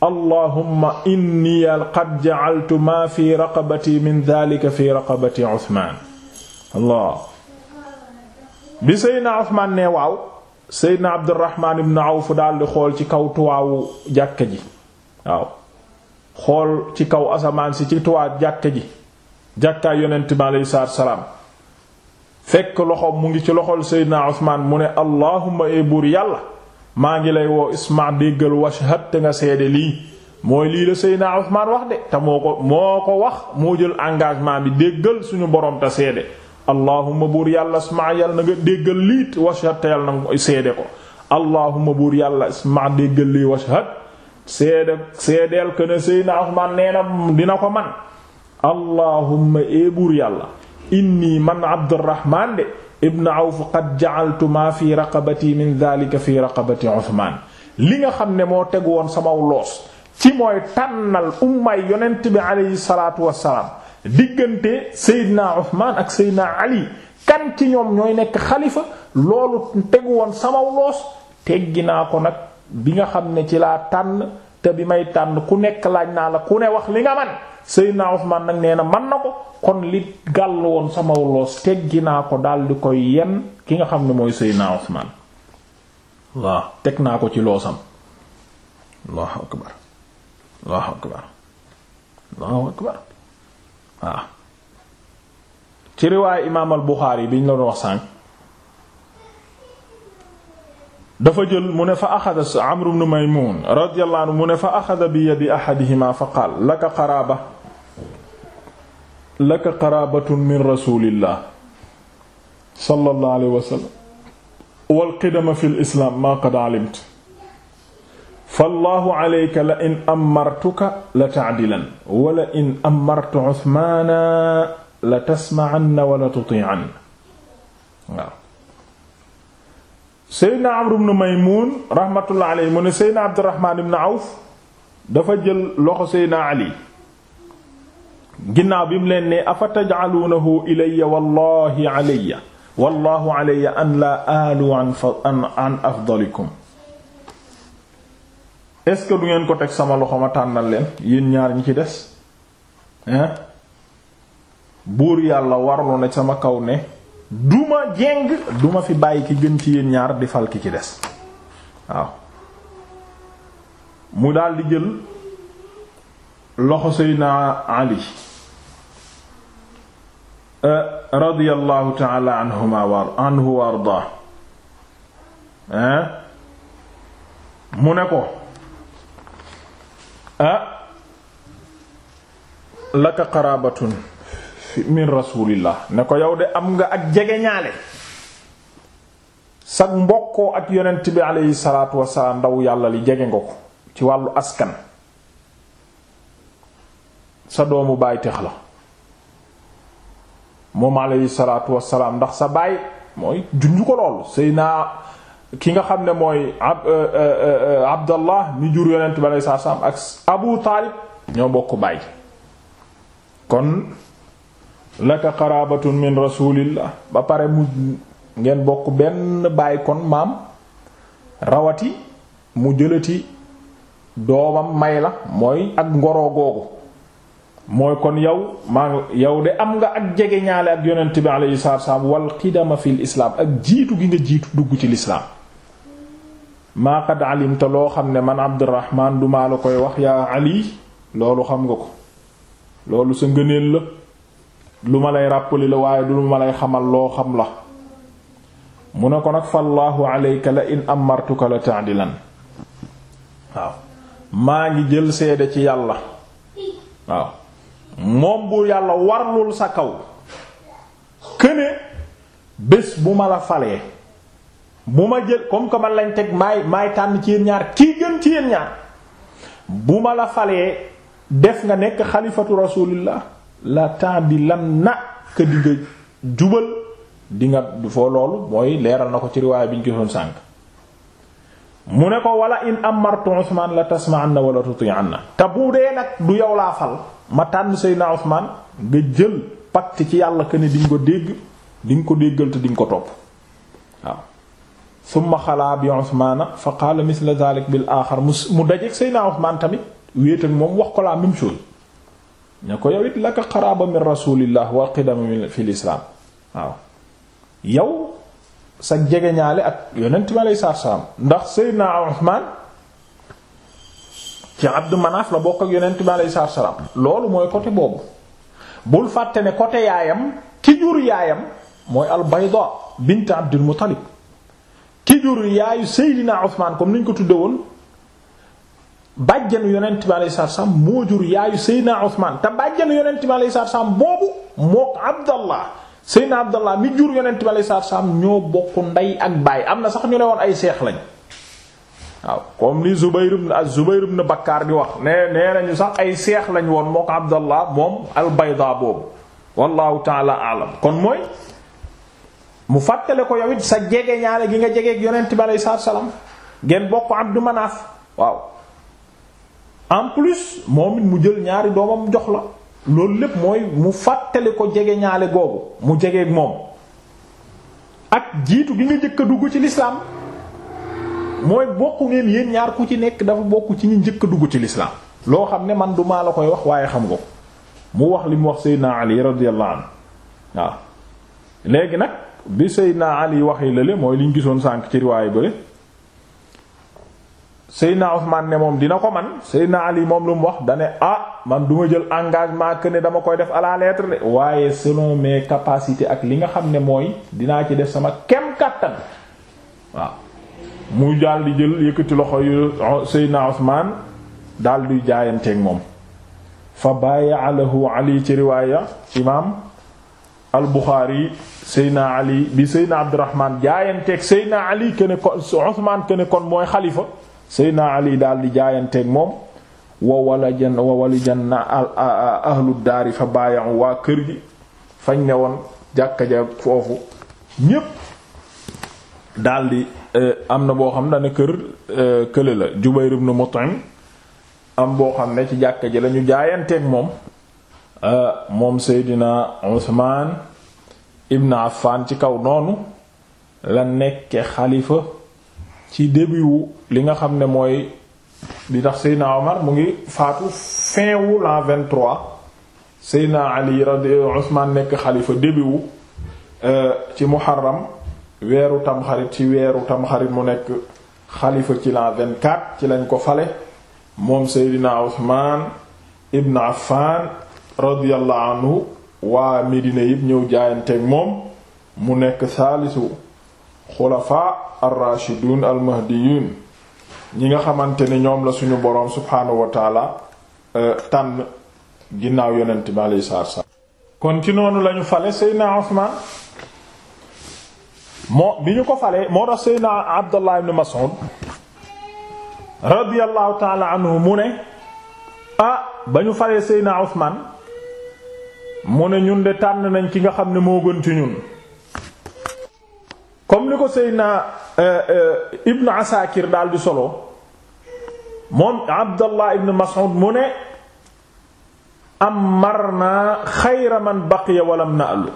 allahumma inni qad ja'altu ma fi raqabati min dhalika fi raqabati Usmaan allah bi Seydina Usmaan ne waaw seydna abdurrahman ibn awf daldi xool ci kaw tuwaawu jàkka ji waaw xool ci kaw asamaan si ci tuwaa jàkka ji jàkkaay yonent bi aleyhi fekk loxo mu ngi ci loxol seydna usmaan mu ne allahuma ee buur yàlla maa ngi lay woo isma déggal washhad te nga seede lii mooy lii la seydna usmaan wax de te moo ko moo ko wax moo jël engagement bi déggal suñu borom te seede allahuma buur yàlla isma yàlla na nga déggal na nga seede ko allahuma yàlla isma déggal lii washhad seede seedeel ko ne Seydina Usmaan nee na dina ko man allahuma ee eh, buur yàlla inni man Abdurrahmaan de ibn Awf qad ja'altu fi raqabati min dhalika fi raqabati Usmaan li nga xam ne moo teg woon samaw loos ci mooy tànnal ummaay yonent bi aleyhi salaatu wassalaam diggante Seydina Uthman ak Seydina Ali kan ci ñoom ñooy nekk xalifa loolu tegu woon sama loos teggi naa ko nag bi nga xam ne ci laa tànn te bi may tànn ku nekk laaj naa la ku ne wax li nga man Seydina Uthman nag nee na man na ko kon li gàll woon sama loos teggi naa ko dal di koy yenn ki nga xam ne mooy Seydina Uthman waaw teg naa ko ci loosam Allahu akbar Allahu akbar Allahu akbar waaw ci riwaayu imaam al Buxaari bi ñu la doon wax sànq dafa jël mu ne fa axada Amr ibn Maymuun radiyallahu anhu mu ne fa axada bi yadi ahadihima fa qaal laka qaraaba laka qaraabatun min rasulillah sallallahu alayhi wa sallam wal qidama fil islam ma qad alimta fallaahu alayka la in ammartuka la ta'dilan wala in ammartu Usmaana la tasma'anna wala tuti'anna waaw. Seydina Amr ibn Maymuun rahmatullahi alayhi mu ne Seydina Abdurrahmaan ibn Awf dafa jël loxo Seydina Ali ginnaaw bi mu leen ne afa taj'aluunahu ilayya wallaahi alayya wallaahu alayya an laa aalu an afdalikum est-ce que du ngeen ko teg sama loxo ma tànnal leen yéen ñaar ñi ci des buur yàlla warlu na sama kaw ne ma jeng duma fi bàyyi ki gën ci yéen ñaar di fal ci des waaw mu daal di jël loxo Seydina Ali euh, radiyallahu taala anhuma anhu ardaa mu ne ko ah laka qarabatun min rasulillah ne ko yow de am nga ak jegeñaale sag mbokkoo ak yonent bi aleyhi salaatu wasalaam ndaw yàlla li jege nga ko ci wàllu askan sa doomu baay tex la moom aleyhi salaatu wasalaam ndax sa baay mooy junju ko lool sëy naa ki nga xam ne mooy euh, euh, euh, abdallah mi jur yonent bi aleyhi salaatu ak abu taalib ñoo bokk baay kon laka qarabatun min rasulillah ba pare mu ngeen bokk benn baay kon maam rawati mu jëlati doomam may la mooy ak ngoro googu mooy kon yow maa ngi de am nga ak jege ñaale ak yonent bi alayhi salaatu wassalaam wal qidama fil islaam ak jiitu gi nga jiitu dugg ci lislaam maa qad alimta loo xam ne man Abdurrahman du maa la koy wax yaa Ali loolu xam nga ko loolu sa ngëneel la lu ma lay rappeler la waaye du lu ma lay xamal loo xam la mu ne ko nag fallaahu alayka la in amartuka la ta'dilan maa ngi jël seede ci yàlla waaw moom bu yàlla warlul sa kaw këne bés bu ma la falee bu ma jël comme que man lañ teg maay maay tànn ci yéen ñaar kii gën ci yéen ñaar bu ma la falee def nga nekk xalifatu rasulillah la ta'dilanna ka di nga jubal dinga nga du foo loolu mooy leeral na ko ci riwaaya bi ñu gisoon sànk mu ne ko wala in amartu Usman la tasma'anna wala tuti'anna te bu dee nag du yow laa fal ma tànn Seydina Usman nga jël pacte ci yàlla que ne di ko dégg di ko déggal te di ko topp summa xalaa bi Usmaana fa qaala misla zalik bil aaxar mu dajeek Seydina Usmaan tamit wéet ak moom wax ko la même chose ne ko yow it qaraaba min rasulillah wa qidam fil islaam ak yonent mi alayhi salaatu salaam ndax Seydina Usmaan ci Abdu Manaaf la bokk ak yonent mi loolu mooy côté boobu bul fàtte ne côté yaayam ki jur yaayam mooy al Bayda bint Abdul Muttalib ki jur yaayu Seydina Ousmane comme niñ ko tudde woon bàjjanu yonent bi alayhi salaam moo jur yaayu Seydina Ousmane te bàjjanu yonent bi alayhi salaam boobu mook Abdallah Seydina Abdallah mi jur yonent bi alayhi salaam ñoo bokk ndey ak baay am na sax ñu ne woon ay seex lañ waaw comme li Zubayr ibn az-Zubayr ibn Bakkar di wax nee nee nañu sax ay seex lañ woon mook Abdallah moom al-Bayda boobu wallahu ta'ala a'lam kon mooy. mu fàttale ko yow it sa jege gi nga jegeeg yonent bi aleyhi salaatu salaam ngeen bokk am Abdu Manaaf waaw en plus moom it mu jël ñaari doomam jox la loolu lépp mooy mu fàttali ko jege ñaale googu mu jegeeg moom ak jiitu gi nga njëkk a dugg ci lislaam mooy bokku ngeen yéen ñaar ku ci nekk dafa bokk ci ñu njëkk a dugg ci lislaam loo xam ne man du la koy wax waaye xam nga mu wax li mu wax Seydina Ali radiyallahu anhu waaw léegi nag bi Seydina Ali waxi lale mooy liñ gisoon sànq ci riwaayu bële Seydina Ousmane ne moom dina ko man naa Ali moom lu mu wax da ah man du ma jël engagement que ne dama koy def à la de waaye selon mes capacités ak li nga xam ne mooy dinaa ci def sama kem kàttan waaw mu daal jël yëkkati loxo yu Seydina Ousmane daal di jaayanteeg moom fa bàyyi alahu ali ci riwaaya imaam. al Buxaari Seyna Ali bi Seyna Abdurahman jaayanteeg Seyna Ali kene kon mooy xalifa Seyna Ali daal di jaayanteeg moom wa wala jan wa wali jan na ahlu daari fa baayaxu waa kër gi fañ ne woon jàkka ja foofu ñépp daal di eh, am na boo xam ne kër eh, kële la Jubayr ibn Mut'im am boo xam ne ci jàkka ji lañu jaayanteeg moom Euh, moom Seydina Usmaan ibn Affan ci kaw noonu la nekke xalifa ci début li nga xam ne mooy di tax Seydina Omar mu ngi faatu fin wu l'an 23 Seydina Ali radiyallahu Usmaan nekk xalifa début euh, ci Muharram weeru tamxarit ci weeru tamxarit mu nekk xalifa ci l'an ci lañ ko fale moom Seydina Usmaan ibn Affan radiyallahu anhu waa Medina yëpp ñëw jaayanteeg moom mu nekk saalisu xulafaa ar-rashidun ñi nga xamante ne ñoom la suñu boroom subhaanahu wa euh, tànn ginnaaw yonent bi alayhi salaam kon ci noonu lañu fale Seydina Usmaan moo bi ñu ko falee moo radiyallahu taala anhu mu ne ah ba ñu falee Seydina Usmaan mu ne ñun de tànn nañ ki nga xam ne moo gën ci ñun comme ni ko Seydina euh, euh, Ibn Asakir daal di solo moom Abdallah Ibn Mas'ud mu ne ammarna xayra man baqiya walam na'lu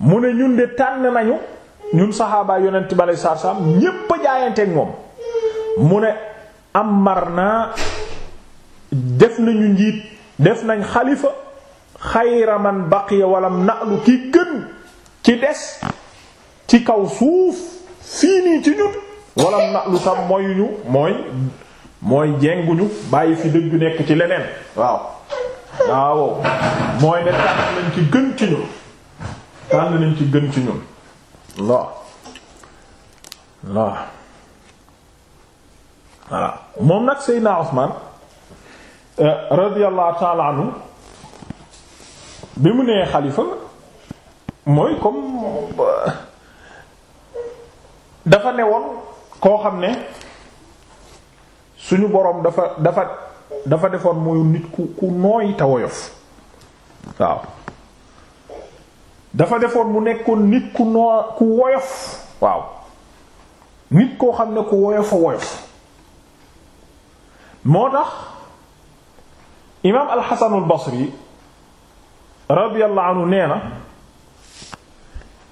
mu ne ñun de tànn nañu ñun saxaabaa yonent bi alayhi salaatu salaam ñépp a jaayanteeg moom mu ne am marna def nañu njiit def nañ xalifa xayra man baqiya walam na'lu ki gën ci des ci kaw suuf fii nii ci ñun walam na'lu tam moyuñu mooy mooy jenguñu bàyyi fi dëgg nekk ci leneen waaw waaw ci gën ci gën ci ñun waaw waaw voilà moom nag Seydina Usmaan euh, radiyallahu ta'ala anhu bi mu nee xalifa mooy comme dafa newoon koo xam ne suñu boroom dafa dafa dafa defoon muy nit ku ku nooy te woyof waaw dafa defoon mu nekkoon nit ku noo ku woyof waaw nit koo xam ne ku woyofa woyof moo tax imaam alxasanul basri radiyallahu anhu nee na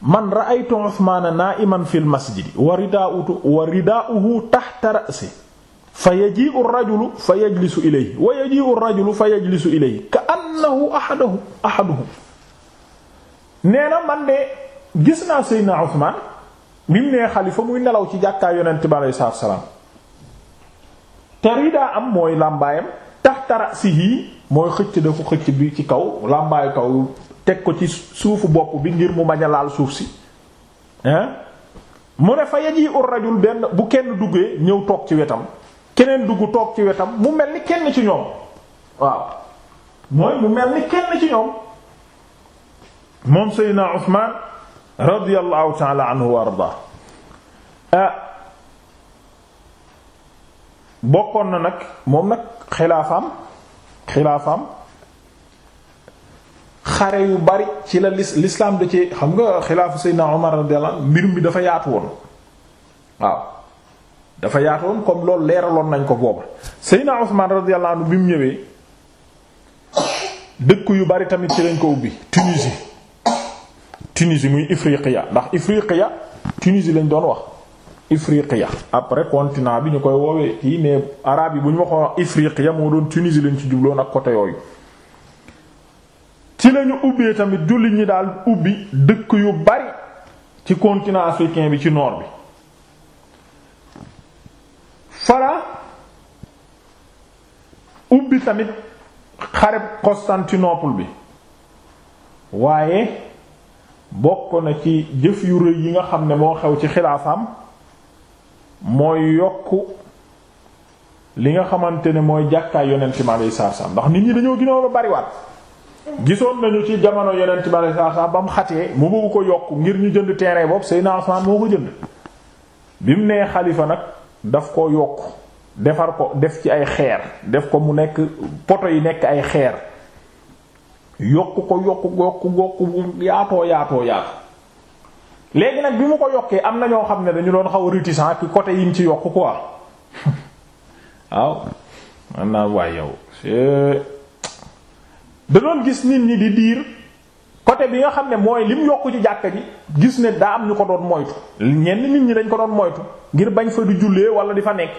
man ra'aytu Usmaana naa'iman fil masjidi wa ridaa'uhu wa ridaa'uhu tahta ra'si fa yaji'u ar fa yajlisu ilayhi wa yaji'u ar fa yajlisu ilayhi ka'annahu ahaduhu nee na man de gis naa Seydina Usmaan bi mu xalifa muy nelaw ci jàkkaay yonent bi alayhi salaam te ridaa am mooy làmbaayam tahta ra'sihi mooy xëcc da ko xëcc bi ci kaw làmbaayu kaw teg ko ci suufu bopp bi ngir mu bañ a suuf si hein mu ne fa yaji ur rajul benn bu kenn duggee ñëw toog ci wetam keneen dugg toog ci wetam mu mel ni kenn ci ñoom waaw mooy mu mel ni kenn ci ñoom moom Seydina Usmaan radiyallahu ta'ala anhu wa arda ah. bokkoon na nag moom nag xilaafaam xilaafam xare yu bari ci la l'islam da ci xam nga xilaafu seyna Omar radiyallahu anhu mbir mi dafa yaatu woon waaw dafa yaatu woon comme loolu leeraloon nañ ko booba Seydina Ousmane radiyallahu anhu bi mu ñëwee dëkk yu bari tamit ci lañ ko ubbi Tunisie Tunisie muy Ifriqiya ndax Ifriqiya tunisi lañ doon wax Ifriqiya après continent bi ñu koy woowee kii mais arabe yi bu ñu waxoon Ifriqiya moo doon Tunisie lañ ci jubloon ak côté yooyu. ci lañu ubbee tamit jullit ñi daal ubbi dëkk yu bari ci continent africain bi ci noor bi. fara ubbi tamit xareb Constantinople bi waaye bokk na ci jëf yu rëy yi nga xam ne moo xew ci xilaafaam. mooy yokk li nga xamante ne mooy jàkkaay yonent mi alayhi salaatu salaam ndax nit ñi dañoo gënoon bariwaat gisoon nañu ci jamono yonent mi alayhi salaatu salaam ba mu xatee mu bëgg ko yokk ngir ñu jënd terrain boobu Seydina Usmaan moo ko jënd bi mu nee xalifa nag daf ko yokk defar ko def ci ay xeer def ko mu nekk poto yi nekk ay xeer yokk ko yokk yokk yokk yaatoo yaatoo yaatoo léegi nag bi mu ko yokkee am na ñoo xam ne dañu doon xaw a réticent ci côté yim ci yokk quoi waaw man naa waay yow da doon gis nit ñi di diir côté bi nga xam ne mooy lim yokk ci jàkka ji gis ne daa am ñu ko doon moytu ñenn nit ñi dañ ko doon moytu ngir bañ fa di jullee wala di fa nekk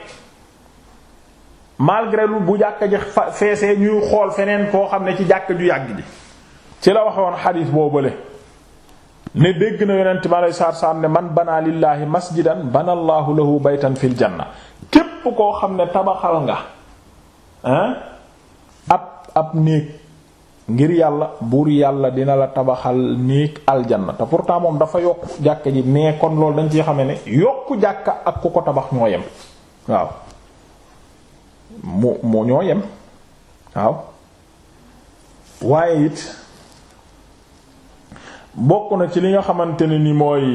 malgré lu bu jàkka ji feesee ñuy xool feneen koo xam ne ci jàkka ju yàgg ji ci la waxoon xadiis boobale ne dégg na yonent mi aleyhi salaatu salaam ne man banaa lillaahi masjidan banallaahu lahu baytan fil janna képp koo xam ne tabaxal nga ab ab néeg ngir yàlla buur yàlla dina la tabaxal néeg aljanna te pourtant moom dafa yokk jàkka ji mais kon loolu dañ ci xamee ne yokk jàkka ak ku ko tabax ñoo yem waaw mu mu ñoo yem waaw waaye it bokk na ci li nga xamante ne ni mooy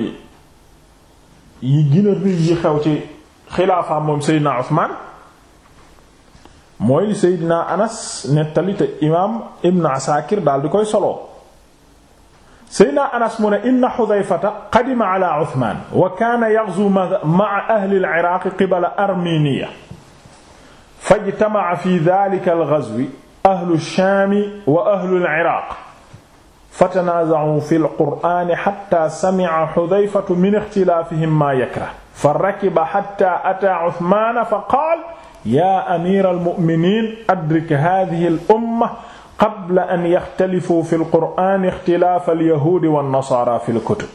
yi gën a rëy yi xew ci xilaafa moom Seydina Usmaan mooy Seydina Anas nettali te imaam Ibn Asakir daal di koy solo Seydina Anas mu ne inna Xudayfata ala Usmaan wa kaana yaxzu ma'a ahli al-Iraaq qibala Arminiya fajtama'a fi dhaalika al-ghazwi ahlu Shaam wa ahlu al-Iraaq فتنازعوا في القرآن حتى سمع حذيفة من اختلافهم ما يكره فركب حتى أتى عثمان فقال يا أمير المؤمنين أدرك هذه الأمة قبل أن يختلفوا في القرآن اختلاف اليهود والنصارى في الكتب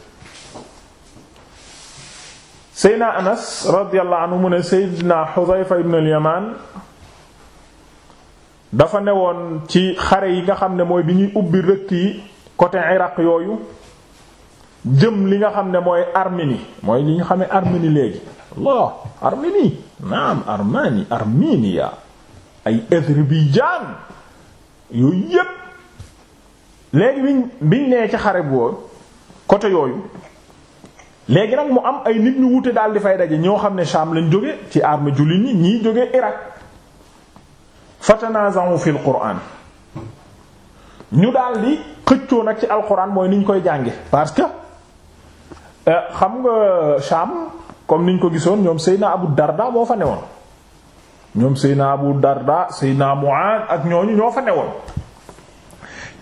Seydina Anas radiyallahu anhu mu ne Seydina Xudayfa ibn al-Yamaan dafa newoon ci xare yi nga xam ne mooy bi ñuy ubbi rëkk yi côté Irak yooyu jëm li nga xam ne mooy Arménie mooy li nga xam ne Arménie léegi Allah Arménie naam Armani Armenia ay Azerbaïdjan yooyu yépp léegi biñ bi nee ci xare boobu côté yooyu léegi nag mu am ay nit ñu wute daal di fay daje ñoo xam ne Sham lañ jóge ci arme jullit ñi ñii jóge Irak fatanaza'u fil Qur'an ñu daal di xëccoo nag ci alxuraan mooy niñ koy jànge parce que euh, xam nga Sham comme niñ ko gisoon ñoom Seydina Abu Darda moo fa newoon ñoom Seydina Abu Darda Seydina Mu'ad ak ñooñu ñoo fa newoon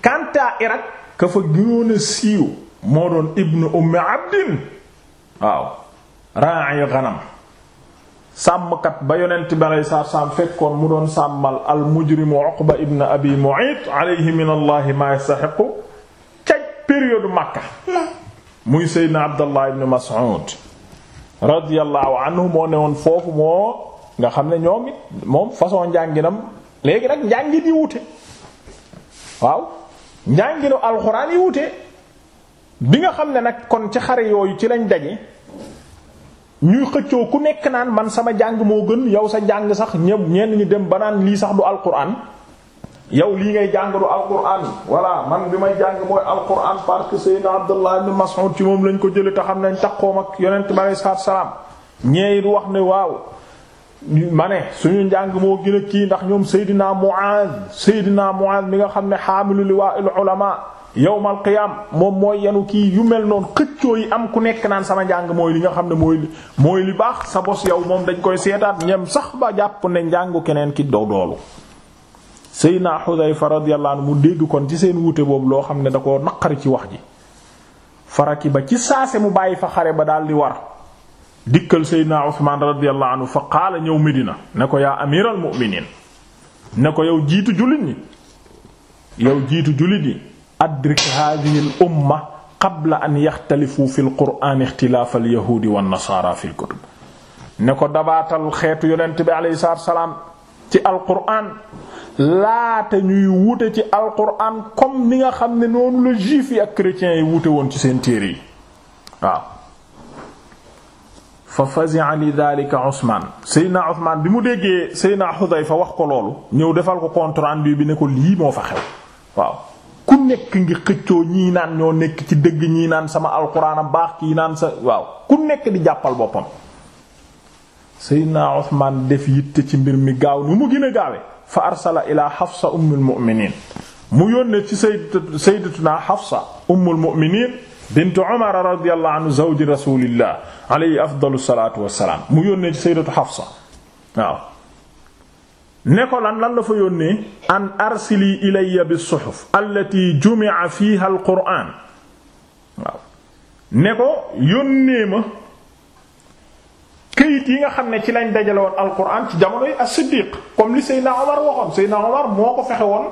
kanta Irak ka fa gënoon a siiw moo doon ibnu Ummi Abdin waaw ra'i ghanam sàmmkat ba yonent bi aleyhi salaatu fekkoon mu doon sàmmal al mujrimu Uqba ibn Abi Mu'ayt alayhi min allahi ma yastaxiqu ca période Makka muy Seydina Abdallah ibn Mas'ud radiyallahu anhu moo ne woon foofu moo nga xam ne ñoom it moom façon njànginam léegi nag njàngin yi wute waaw njànginu alxuraan yi wute bi nga xam ne nag kon ci xare yooyu ci lañ daje ñuy xëccoo ku nekk naan man sama jàng moo gën yow sa jàng sax ñëpp ñenn ñi dem ba naan lii sax du alquran yow lii ngay jàng du alquran voilà man bi may jàng mooy alquran parce que Seydina Abdullah ibn Mas'ud ci moom lañ ko jëlee te xam nañ takkoom ak yonent bi aleyhi salaatu salaam ñee it wax ne waaw. mane ne suñu njàng moo gën a kii ndax ñoom Seydina Mu'adh Seydina Mu'adh mi nga xam ne xaamilu liwaa'il ulama yawmal qiyaam moom mooy yenu kii yu mel noonu xëccoo yi am ku nekk naan sama njàng mooy li nga xam ne mooy mooy li baax sa bos yow moom dañ koy seetaat ñem sax ba jàpp ne njàngu keneen ki dow doolu Seydina Xudayfa radiyallahu mu dégg kon ci seen wuute boobu loo xam ne da ko naqari ci wax ji faraki ba ci saase mu bàyyi fa xare ba daal di war dikkal Seydina Usmaan radiyallahu anhu fa qaala ñëw Medina ne ko yaa amiral mu'miniin ne ko yow jiitu jullit ñi yow jiitu jullit ñi adrik hadhihi al umma qabla an yaxtalifu fi alquraan ixtilaaf alyahuudi wa nasaara fi alkutub ne ko dabaatal xeetu yonent bi alayhi salaatu salaam ci alquraan laata ñuy wute ci alquraan comme ni nga xam ne noonu la juif yi ak chrétiens yi wute woon ci seen téere yi waaw fa fazi'a li bi mu déggee Seydina Xudayfa wax ko loolu ñëw defal ko compte rendu bi ne ko lii moo fa xew ku nekk ngi xëccoo ñii naan ñoo nekk ci dëgg ñii naan sama alquran a baax kii naan sa waaw ku nekk di jàppal boppam Seydina Usmaan def yitte ci mbir mi gaaw nu mu gën a gaawe fa arsala ila Hafsa ummul mu'minin mu yónnee ci sayyidat sayyidatuna Hafsa ummul mu'minin bint Umar radiyallahu anhu zawji rasulillah alayhi afdalu salatu mu yónnee ci sayyidatu Hafsa waaw ne ko lan lan la fa yónnee an arsili ilayya bi suhuf allati jumi'a fiha al qur'an waaw ne ko yónnee ma këyit yi nga xam ne ci lañ dajale woon al qur'an ci jamonoy as-siddiq comme li Seydina Omar waxoon Seydina Omar moo ko fexe woon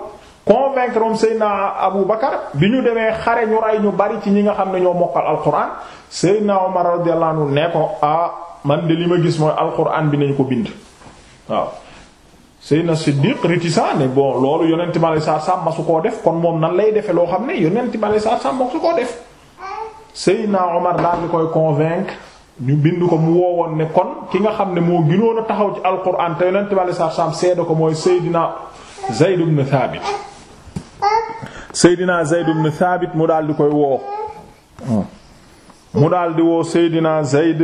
convaincre om Seydina Abu Bakar bi ñu demee xare ñu rey ñu bari ci ñi nga xam ne ñoo mokkal al qur'an Seydina Omar radiyallahu anhu ne ko ah man de li ma gis mooy al qur'an bi nañ ko bind waaw Seydina Siddiq réticent ne bon loolu yonent ma lay saa sàmm koo def kon moom nan lay defe loo xam ne yonent ma lay saa sàmm su def Seydina Omar daal koy convaincre ñu bind ko mu woowoon ne kon ki nga xam ne moo ginoon a taxaw ci alquran te yonent ma lay saa ko mooy Seydina Zayd ibn Thabit Seydina Zayd mu daal di koy woo mu woo Seydina Zayd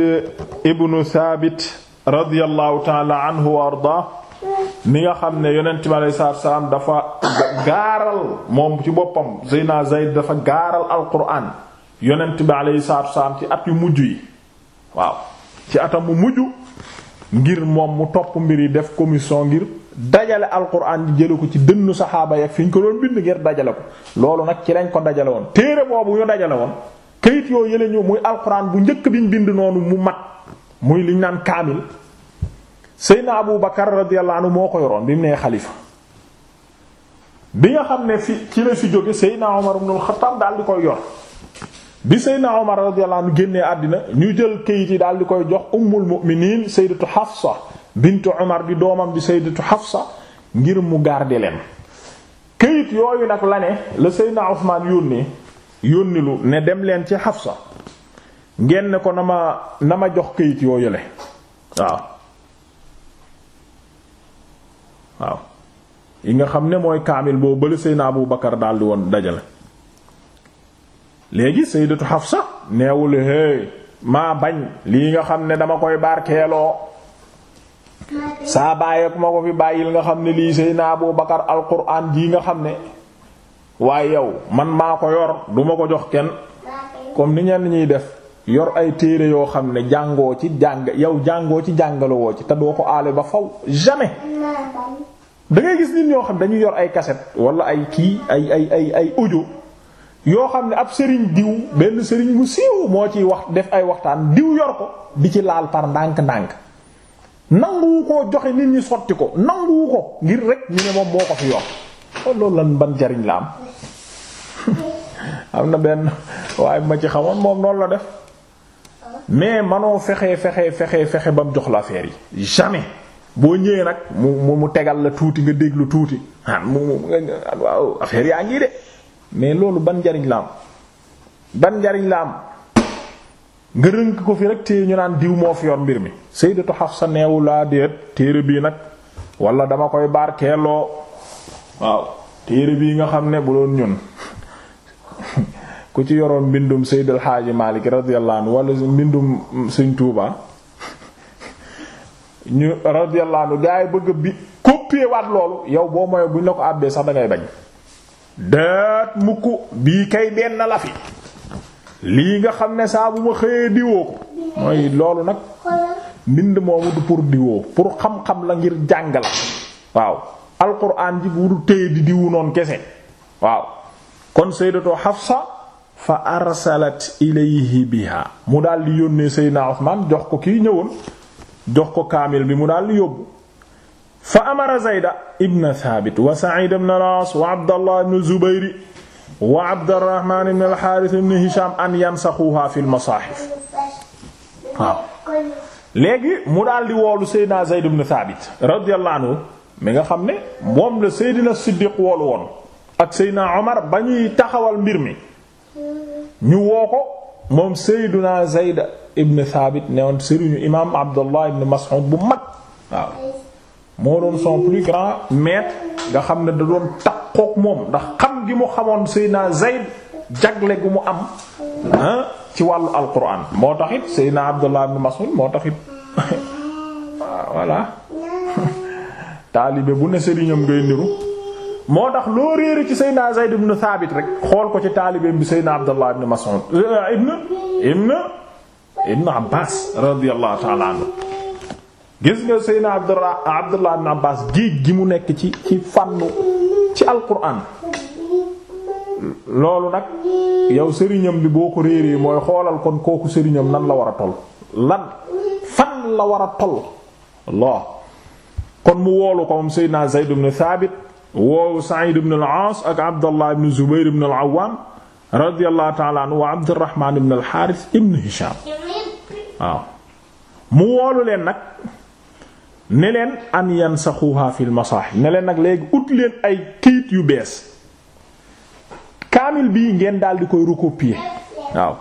ibn Thabit mi nga xam ne yonent bi alayhi salaatu salaam dafa gaaral moom ci boppam Seydina Zayd dafa gaaral alquran yonent bi alayhi salaatu salaam ci at yu mujj yi waaw ci atam mu mujj ngir moom mu topp mbir yi def commission ngir dajale alquran di jële ko ci dënnu saxaaba ya ak fi ñu ko doon bind ngir dajale ko loolu nag ci lañ ko dajale woon téere boobu ñu dajale woon kayit yoo yële ñu muy alquran bu njëkk bi ñu bind noonu mu mat muy liñ naan kaamil Seydina Abu Bakar radiyallahu anhu moo ko yoroon bi mu nee xalifa bi nga xam ne fi ci la fi jóge Seydina Omar ibn al-Khattab daal di koy yor bi Seydina Omar radiyallahu anhu génnee àddina ñu jël kayit yi daal di koy jox ummul mu'minin Sayyidatu Hafsa bintu Omar di doomam di Sayyidatu Hafsa ngir mu garder leen. kayit yooyu nag la ne la Seydina Ousmane yónni yónni ne dem leen ci Hafsa ngeen ne ko na ma na ma jox kayit yooyu le waaw. waaw yi nga xam ne mooy kaamil boo bële Seydina Abu Bakar daldi woon dajale léegi xaf Hafsa neewul hey maa bañ lii nga xam ne dama koy barkeeloo saa bàyyeek ma ko fi bàyyil nga xam ne lii Seydina Abu Bakar alquran jii nga xam ne waaye yow man maa ko yor duma ko jox kenn comme ni ñenn ñuy def yor ay téere yoo xam ne jàngoo ci jàng yow jàngoo ci jàngalowoo ci te doo ko aale ba faw jamais dangay gis nit ñoo xam ne dañuy yor ay cassette wala ay kii ay ay ay ay audio yoo xam ne ab sëriñ diw benn sëriñ mu siiw moo ci wax def ay waxtaan diw yor ko di ci laal par ndànk-ndànk nanguwu koo joxe nit ñi sotti ko nanguwu ko ngir rek ñu ne moom moo ko fi yor oh, loolu lan ban jariñ la am am na benn waaye ma ci xamoon moom noonu la def mais manoo fexe fexe fexe fexe ba mu jox la affaire yi jamais boo ñëwee nag mu mu tegal la tuuti nga déglu tuuti ah mu mu waaw affaire yaa ngi de mais loolu ban njariñ la am ban njariñ la am nga rënk ko fi rek te ñu naan diw moo fi yor mbir mi Sayyidatu sa neewu laa déet téere bii nag walla dama koy barkeeloo waaw téere bii nga xam ne bu doon ñun ku ci yoroon mbindum Seydil Xaaji Malik radiyallahu anhu wala mbindum Sëñ Tuuba ñu radiyallahu gaa yi bëgg bi copier loolu yow boo moyo buñ la ko àbbee sax da ngay bañ daat mukk bii kay benn la lii nga xam ne saa bu ma xëyee diwoo ko mooy loolu nag mbind moomu du pour diwoo pour xam-xam la ngir jàng la waaw alquran ji bu du di diwu noonu kese waaw kon Sayyidatu Hafsa fa arsalat ilayhi biha mu daal di yónnee Seydina Usmaan jox ko kii ñëwoon jox ko kaamil bi mu daal di yóbbu fa amara Zayda ibn Thabit wa Sa'id ibn al wa Abdallah ibn Zubayr wa Abdurrahman ibn al-Harith Hisham an yansaxuha fi al-masahif léegi mu daal di woolu Seydina Zayd ibn Thabit radiyallahu anhu mi nga xam ne moom la Seydina Siddiq woolu woon ak Seydina Omar ba ñuy taxawal mbir mi ñu woo ko moom Seydina Zayd ibn Thabit newoon sëriñu imaam Abdullah ibn Mas'ud bu mag waaw moo doon son plus grand maître nga xam ne da doon takkook moom ndax xam gi mu xamoon Seydina Zayd jagle gu mu am ah, ci wàllu alquran moo taxit Seydina Abdullah ibn Mas'ud moo taxit voilà taalibe bu ne sëriñam ngay niru moo tax loo réere ci Seydina Zayd ibn Thabit rek xool ko ci taalibeem bi Seydina Abdallah ibn Mas'ud eh, ibn ibn ibn Abbas radiyallahu ta'ala gis nga Seydina Abdallah Abdallah ibn Abbas géej gi mu nekk ci ci fànnu ci loolu nag yow sëriñam bi boo ko réeree mooy xoolal kon kooku sëriñam nan la war a toll lan fan la war a toll Allah kon mu woolu ko moom Seydina Zayd ibn Thabit woow Sa'id ibn al ak Abdallah ibn Zubayr ibn al-Awwam radiyallahu ta'ala wa Abdurrahman ibn al-Harith Hisham waaw mu woolu leen nag ne leen an yansaxuha fil masaahif ne leen nag léegi ut leen ay kayit yu bees kaamil bi ngeen daal di koy recopier waaw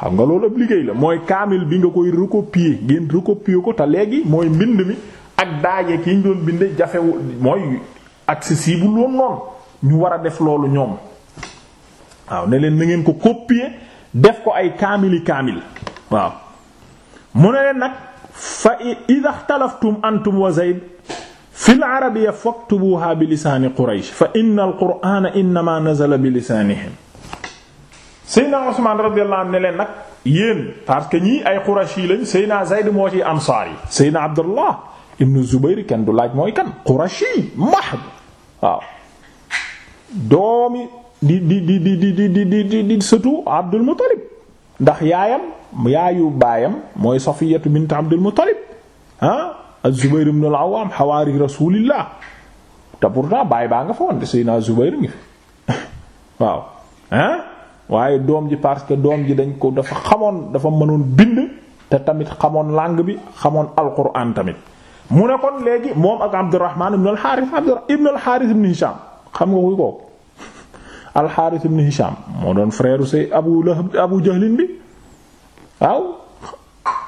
xam nga loolu ab liggéey la mooy kaamil bi nga koy recopier ngeen recopier ko te léegi mooy mbind mi ak daaje ki ñu doon bind jafewul mooy accessible woon noonu ñu war a def loolu ñoom waaw ne leen na ngeen ko copier def ko ay kaamili kaamil waaw mu ne nag fa idha ikhtalaftum antum wa zayd fil arabiyya faktubuha bi lisaani quraysh fa innal qur'ana innama nazala bi lisaanihim Seyna Usman radiyallahu anhu ne leen nag yéen parce que ñii ay qurashi lañ Seyna Zayd moo ci ansaar yi Abdullah ibn Zubayr kenn du laaj mooy kan qurashi mahd waaw doomi di di di di di di di di sëtu Abdul Muttalib ndax yaayam yaayu baayam mooy Safiyatu bint Abdul Muttalib ah az-Zubayr ibn al xawaari rasulillah te pourtant baay baa nga fa woon de Seydina Zubayr ngi fi waaw ah waaye doom ji parce que doom ji dañ ko dafa xamoon dafa mënoon bind te tamit xamoon langue bi xamoon alquran tamit mu ne kon léegi moom ak Abdurrahman ibn al-Harith ibn al-Harith ibn Hisham xam nga kuy kooku al Hisham moo doon frère se Abu Lahab Abu Jahlin bi waaw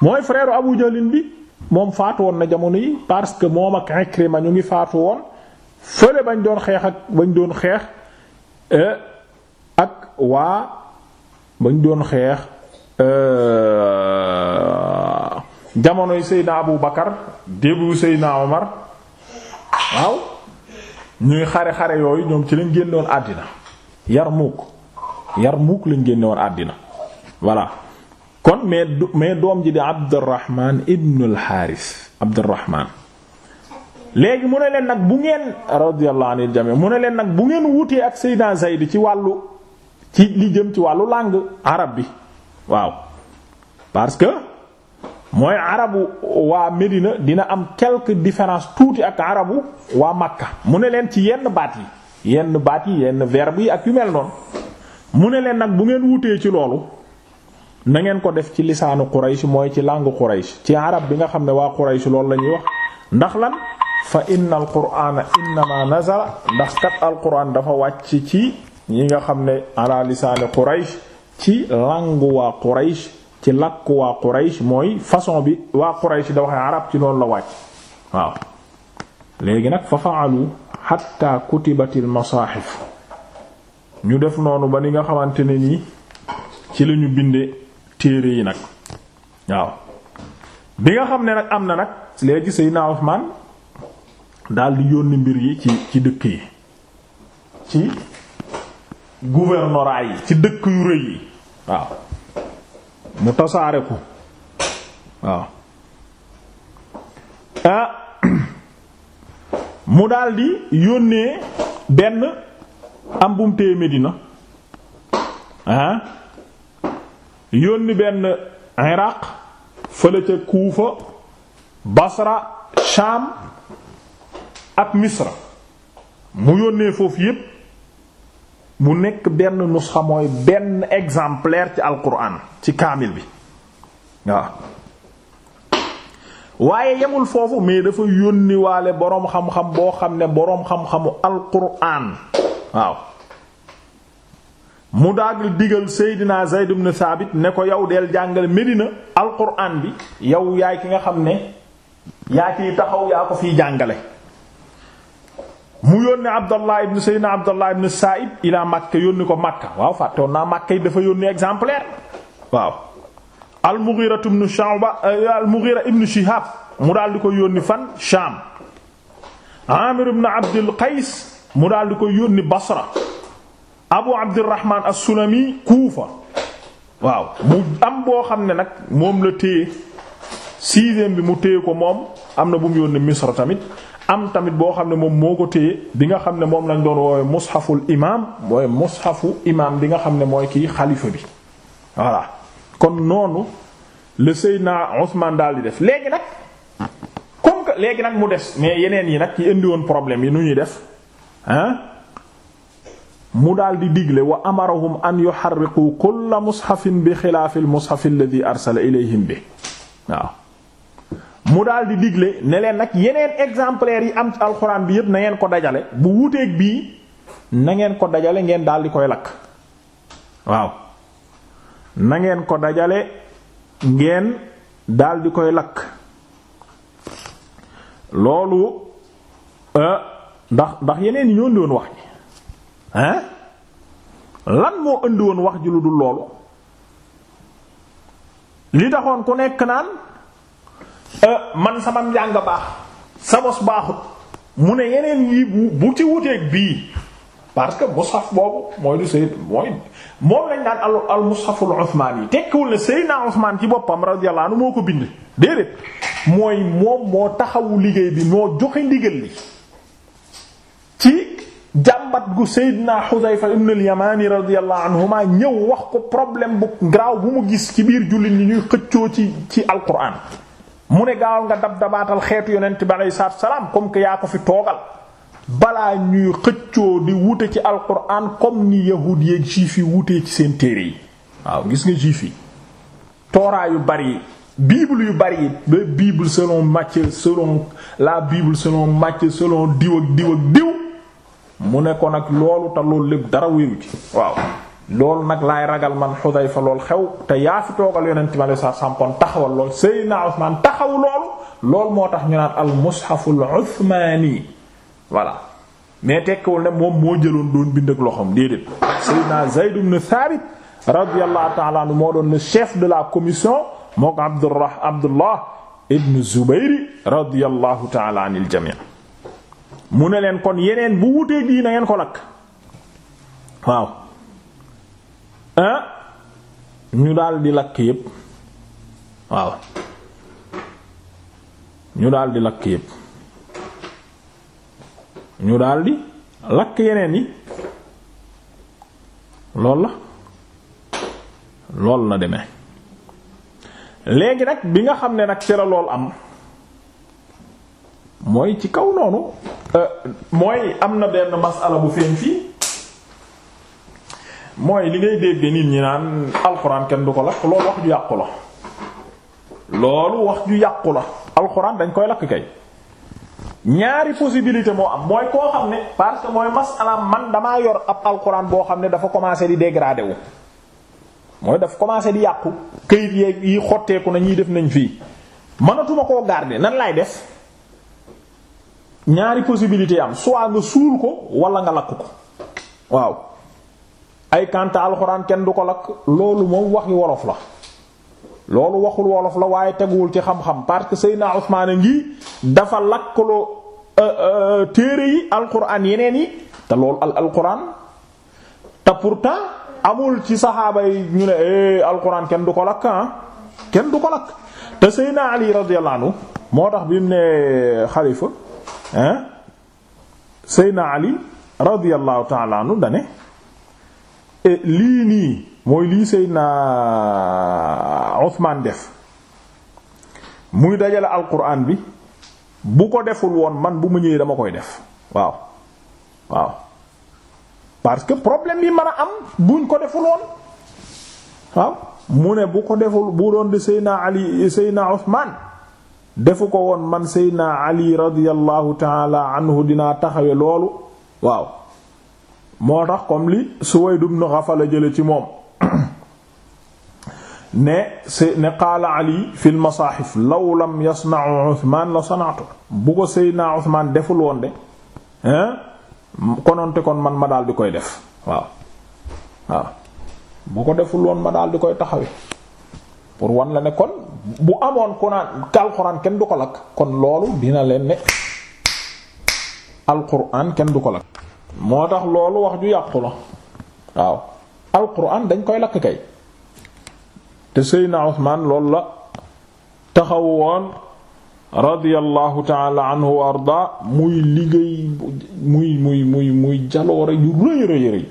mooy frère Abu jëlin bi moom faatu woon na jamono yi parce que moom ak Ikrima ñu ngi faatu woon fële bañ doon xeex ak bañ doon xeex eh, ak waa bañ doon xeex jamono eh, jamonoy Seydina Abu Bakar débu Seydina Omar waaw ñuy xare xare yooyu ñoom ci lañ génnoon àddina yar Yarmuk lañ génnoon àddina voilà kon mais doom ji di Abdurrahman ibn al-Haris Abdurrahman léegi mu ne leen nag bu ngeen radiyallahu anil jami mu ne leen nag bu ngeen wutee ak Seydina Zayd ci wàllu ci li jëm ci wàllu làng arab bi waaw parce que mooy arabu waa Medina dina am quelque différence tuuti ak arabu waa Makka mu ne leen ci yenn baat yi yenn baat yi yenn verbe yi ak yu mel noonu mu ne leen nag bu ngeen wutee ci loolu na ngeen ko def ci lisaanu Quraysh mooy ci langue Quraysh ci arab bi nga xam ne waa Quraysh loolu la ñuy wax ndax lan fa inna al qur'ana innama nazala ndax kat al qur'an dafa wàcc ci ñi nga xam ne ala lisaani Quraysh ci langue waa Quraysh ci làkk waa Quraysh mooy façon bi waa Quraysh da arab ci loolu la wàcc waaw léegi nag fa faalu kutibatil masaaxif ñu def noonu ba ni nga xamante ne nii ci lañu binde téere yi nag waaw bi nga xam ne nag am na nag léegi Seydina Usmaan daldi yónni mbir yi ci ci dëkk yi ci gouvernorat yi ci dëkk yu rëy yi waaw mu tasaare ko waaw ah, mu daldi yónnee benn am bu mu téye Medina ah, yónni benn Iraq fële ca Kuufa Basra Sham ak Misra mu yónnee foofu yépp mu nekk benn nusxa mooy benn exemplaire ci alquran ci kaamil bi waaw waaye yemul foofu mais dafa yónni boroom xam-xam boo xam ne boroom xam-xamu alquran waaw mu daal digal Seydina Zayd ibn Thabit ne ko yow del jàngale Medina alquran bi yow yaay ki nga xam ne yaa ciy taxaw yaa ko fiy jàngale mu yónni Abdallah ibn Seydina Abdallah ibn Saïd ila Makka yónni ko Makka waaw fàttewoon naa Makka yi dafa yónni exemplaire waaw al-Mughira ibn Shu'ba eh, al-Mughira mu daal di ko yónni fan mu daal di ko yónni Basra Abu Abdurrahman as-Sulami waaw mu am boo xam ne nag moom la téye sixième bi mu téye ko moom am na bu mu yónnee Misra tamit am tamit boo xam ne moom moo ko téye bi nga xam ne moom lañ doon woowee mushaful imaam mooy mushafu imaam bi nga xam ne mooy kii xalifa bi voilà kon noonu le Seydina Ousmane daal di def léegi nag comme que léegi nag mu des mais yeneen yi nag yi indi woon problème yi nu ñuy def ah mu daal di digle wa amarahum an yuharriqu kulla mushafin bi xilaafil mushaf alladhi arsala ilayhim bi waaw mu daal di digle neleen nag yeneen exemplaires yi am ci alxuraan bi yépp na ngeen ko dajale bu wuteeg bii nangeen ko dajale ngeen daal di koy lakk waaw na ko dajale ngeen daal di koy lakk loolu euh, ndax ndax yeneen yi ñoo indi woon wax ji hein lan moo indi woon wax ji lu dul loolu li taxoon ku nekk naan Euh, man sama njàng baax sa bos baaxut mu ne yeneen yi bu bu ci wuteeg bii parce que mushaf boobu mooy du sayyid mooy moom lañ daan al al mushaful Usmaan yi tekkiwul ne Seydina Usmaan ci boppam radiyallahu anhu moo ko bind déedéet mooy moom moo taxawu liggéey bi moo joxe ndigal li ci jàmbat gu Seydina Xudayfa ibn al-Yamani radiyallahu anhuma ñëw wax ko problème bu graaw bu mu gis ci biir jullit ñi ñuy xëccoo ci ci alquran mu ne gaaw nga dab dabaatal xeetu yonent bi aleyhi salaatu salaam comme que yaa ko fi toogal balaa ñuy xëccoo di wute ci alquran comme ni yahuud yeek juif wutee ci seen téere yi waaw gis nga juif yi yu bari yi yu bari yi ba bible selon Matthieu selon la bible selon Matthieu selon diw ak diw ak diw mu ne ko nag loolu te loolu lépp dara wéeru ci waaw loolu nag laay ragal man Xudayfa lool xew te yaa fi toogal yonent mi alayhi salaam kon taxawal lool Seydina Usmaan taxaw loolu loolu moo tax ñu naan al mushaful usmaani voilà mais tekkiwul ne moom moo jëloon doon bind ak loxoom déedéet Seydina Zayd ibn Thabit radiyallahu ta'ala moo doon le chef de la commission mook Abdurrah Abdullah ibn Zubayr radiyallahu ta'ala anil jami' mu ne leen kon yeneen bu wutee dii na ko lakk ah ñu daldi lakk yépp waaw ñu daldi di lakk yépp ñu daldi lakk yeneen yi lool la lool na deme léegi nag bi nga xam ne nag ci la lool am mooy ci kaw noonu. Euh, mooy am na benn masala bu feeñ fii. mooy li ngay dégg nit ñi naan alxuraan kenn du ko lakk loolu wax ju yàqu la loolu wax ju yàqu la alxuraan dañ koy lakk kay ñaari possibilité moo am mooy koo xam ne parce que mooy masala man damaa yor ab alxuraan boo xam ne dafa commencé di dégradé mooy def commencé di yàqu këyit yeeg yi xotteeku na ñuy def nañ fii mënatuma koo garder nan laay def ñaari possibilité am soit nga suul ko walla nga lakk ko waaw ay kanta alxuraan kenn du ko lakk loolu moom waxi wolof la loolu waxul wolof la waaye teguwul ci xam-xam parce que Seydina Usmaan ngi dafa lakkaloo euh, euh, téere yi alxuraan yeneen yi te loolu al alxuraan te pourtant amul ci saxaaba yi ñu ne eh, alxuraan kenn du ko lakk ah, du ko lakk te Seydina Ali radiyallahu anhu moo tax bi ne xalifa ah Seydina Ali radiyallahu ta'ala dane lii nii mooy lii Seydina Usmaan def muy dajale alquran bi bu ko deful woon man bu mu ñëwee dama koy def waaw waaw parce que problème bi man a am buñ ko deful woon waaw mu ne bu ko deful bu doon di Seydina Ali Seydina Usmaan defu ko woon man Seydina Ali radiyallahu taala anhu dinaa taxawe loolu waaw moo tax comme li Suwayd ibn Ghafala jële ci moom ne se ne qaala ali fil masaahif law lam yasna'u Uthman la sanaatu bu ko Seydina Uthman deful woon de kononte kon man ma daal di koy def waaw waaw bu ko deful woon ma daal di koy taxawe pour wan la ne kon bu amoon ku kenn du ko lakk kon loolu dina leen ne alxuraan kenn du ko lakk moo tax loolu wax du yàqu la waaw alquran dañ koy lakk kay te Seydina Usmaan lool la taxawu woon radiyallahu taala anhu wa arda muy liggéey muy muy muy muy jaloore ju rëy rëy rëy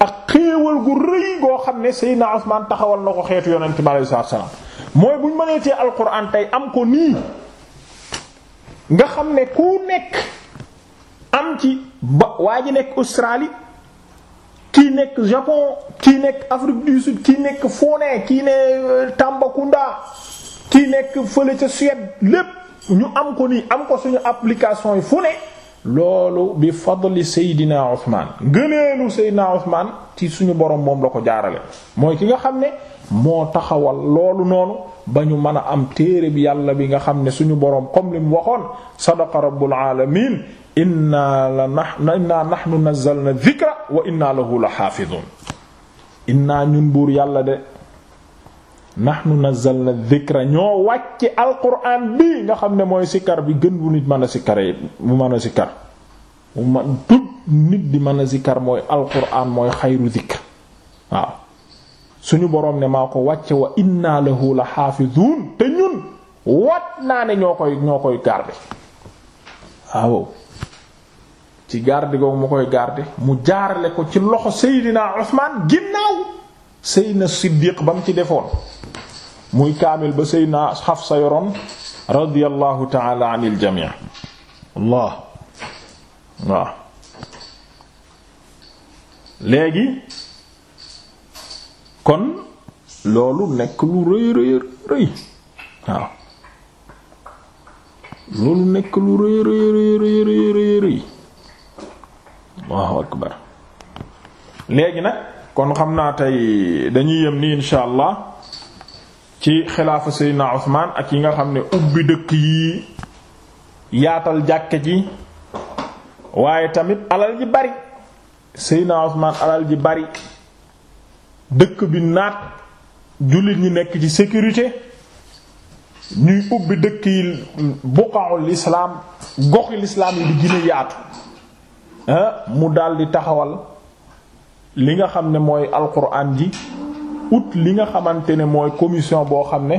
ak xéewal gu rëy goo xam ne Seydina Usmaan taxawal na ko xeetu yonent bi alayhi salaatu salaam mooy buñ mëneetee alquran tey am ko nii nga xam ne ku nekk am ci ba waa ji nekk Australie kii nekk Japon kii nekk Afrique du Sud kii nekk Foné kii ne euh, Tambacounda kii nekk fële ca Suède lépp ñu am ko nii am ko suñu application yi fu ne loolu bi fadli Seydina Ousmane gëneelu Seydina Ousmane ci suñu borom moom la ko jaarale mooy ki nga xam ne moo taxawal loolu noonu ba ñu mën a am téere bi yàlla bi nga xam ne suñu borom comme li mu waxoon sadaqa rabbul alamin inna la nahnu inna nahnu nazzalna dhikra wa inna lahu la xaafidun inna ñun buur yàlla de nahnu nazzalna dhikra ñoo wàcc alquran bi nga xam ne mooy sikkar bi gën bu nit mën a sikkaree bu mën a sikkar bu man tut nit di mën a sikkar mooy alquran mooy xayru dhikr waaw suñu boroom ne maa ko wàcce wa inna lahu la xaafidun te ñun wat naa ne ñoo koy ñoo koy garder waaw ci garde googu ma koy garde mu jaarale ko ci loxo Seydina Usmaan ginnaaw Seydina Siddiq ba ci defoon muy kaamil ba Seydina Hafsa yoroon radiyallahu ta'ala anil jami' Allah kon loolu nekk lu nekk rëy rëy rëy Allahu akbar léegi nag kon xam naa tey dañuy yem ni insha allah ci xilaafa Seydina Usmaan ak yi nga xam ne ubbi dëkk yi yaatal jàkke ji waaye tamit alal ji bari Seydina Usmaan alal ji bari dëkk bi naat jullit ñi nekk ci sécurité ñuy ubbi dëkk yi buqa'ul islaam goxi lislaam yi di gën yaatu mu di taxawal li nga xam ne mooy alquran ji ut li nga xamante ne mooy commission boo xam ne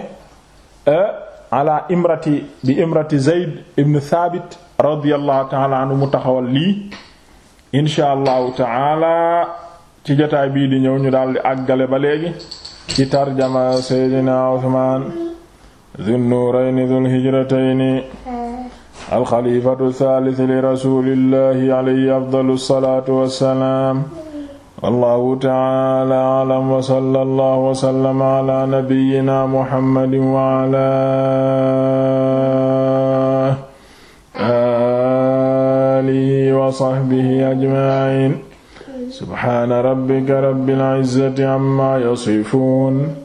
ala imrati bi imrati Zayd ibn Thabit radiyallahu taala anhu mu taxawal lii insha allahu taala ci jotaay bii di ñëw ñu daldi àggale ba léegi ci tarjama Seydina Usmaan dhun nurayni dhul hijratayni alxalifatu thalith li rasulillahi alayhi afdalu salaatu wassalaam wallahu taala alam wa sallallahu wa sallama ala nabiyyina muhammadin wa ala alihi wa sahbihi ajma'in subhaana rabbika rabbil izzati amma yasifun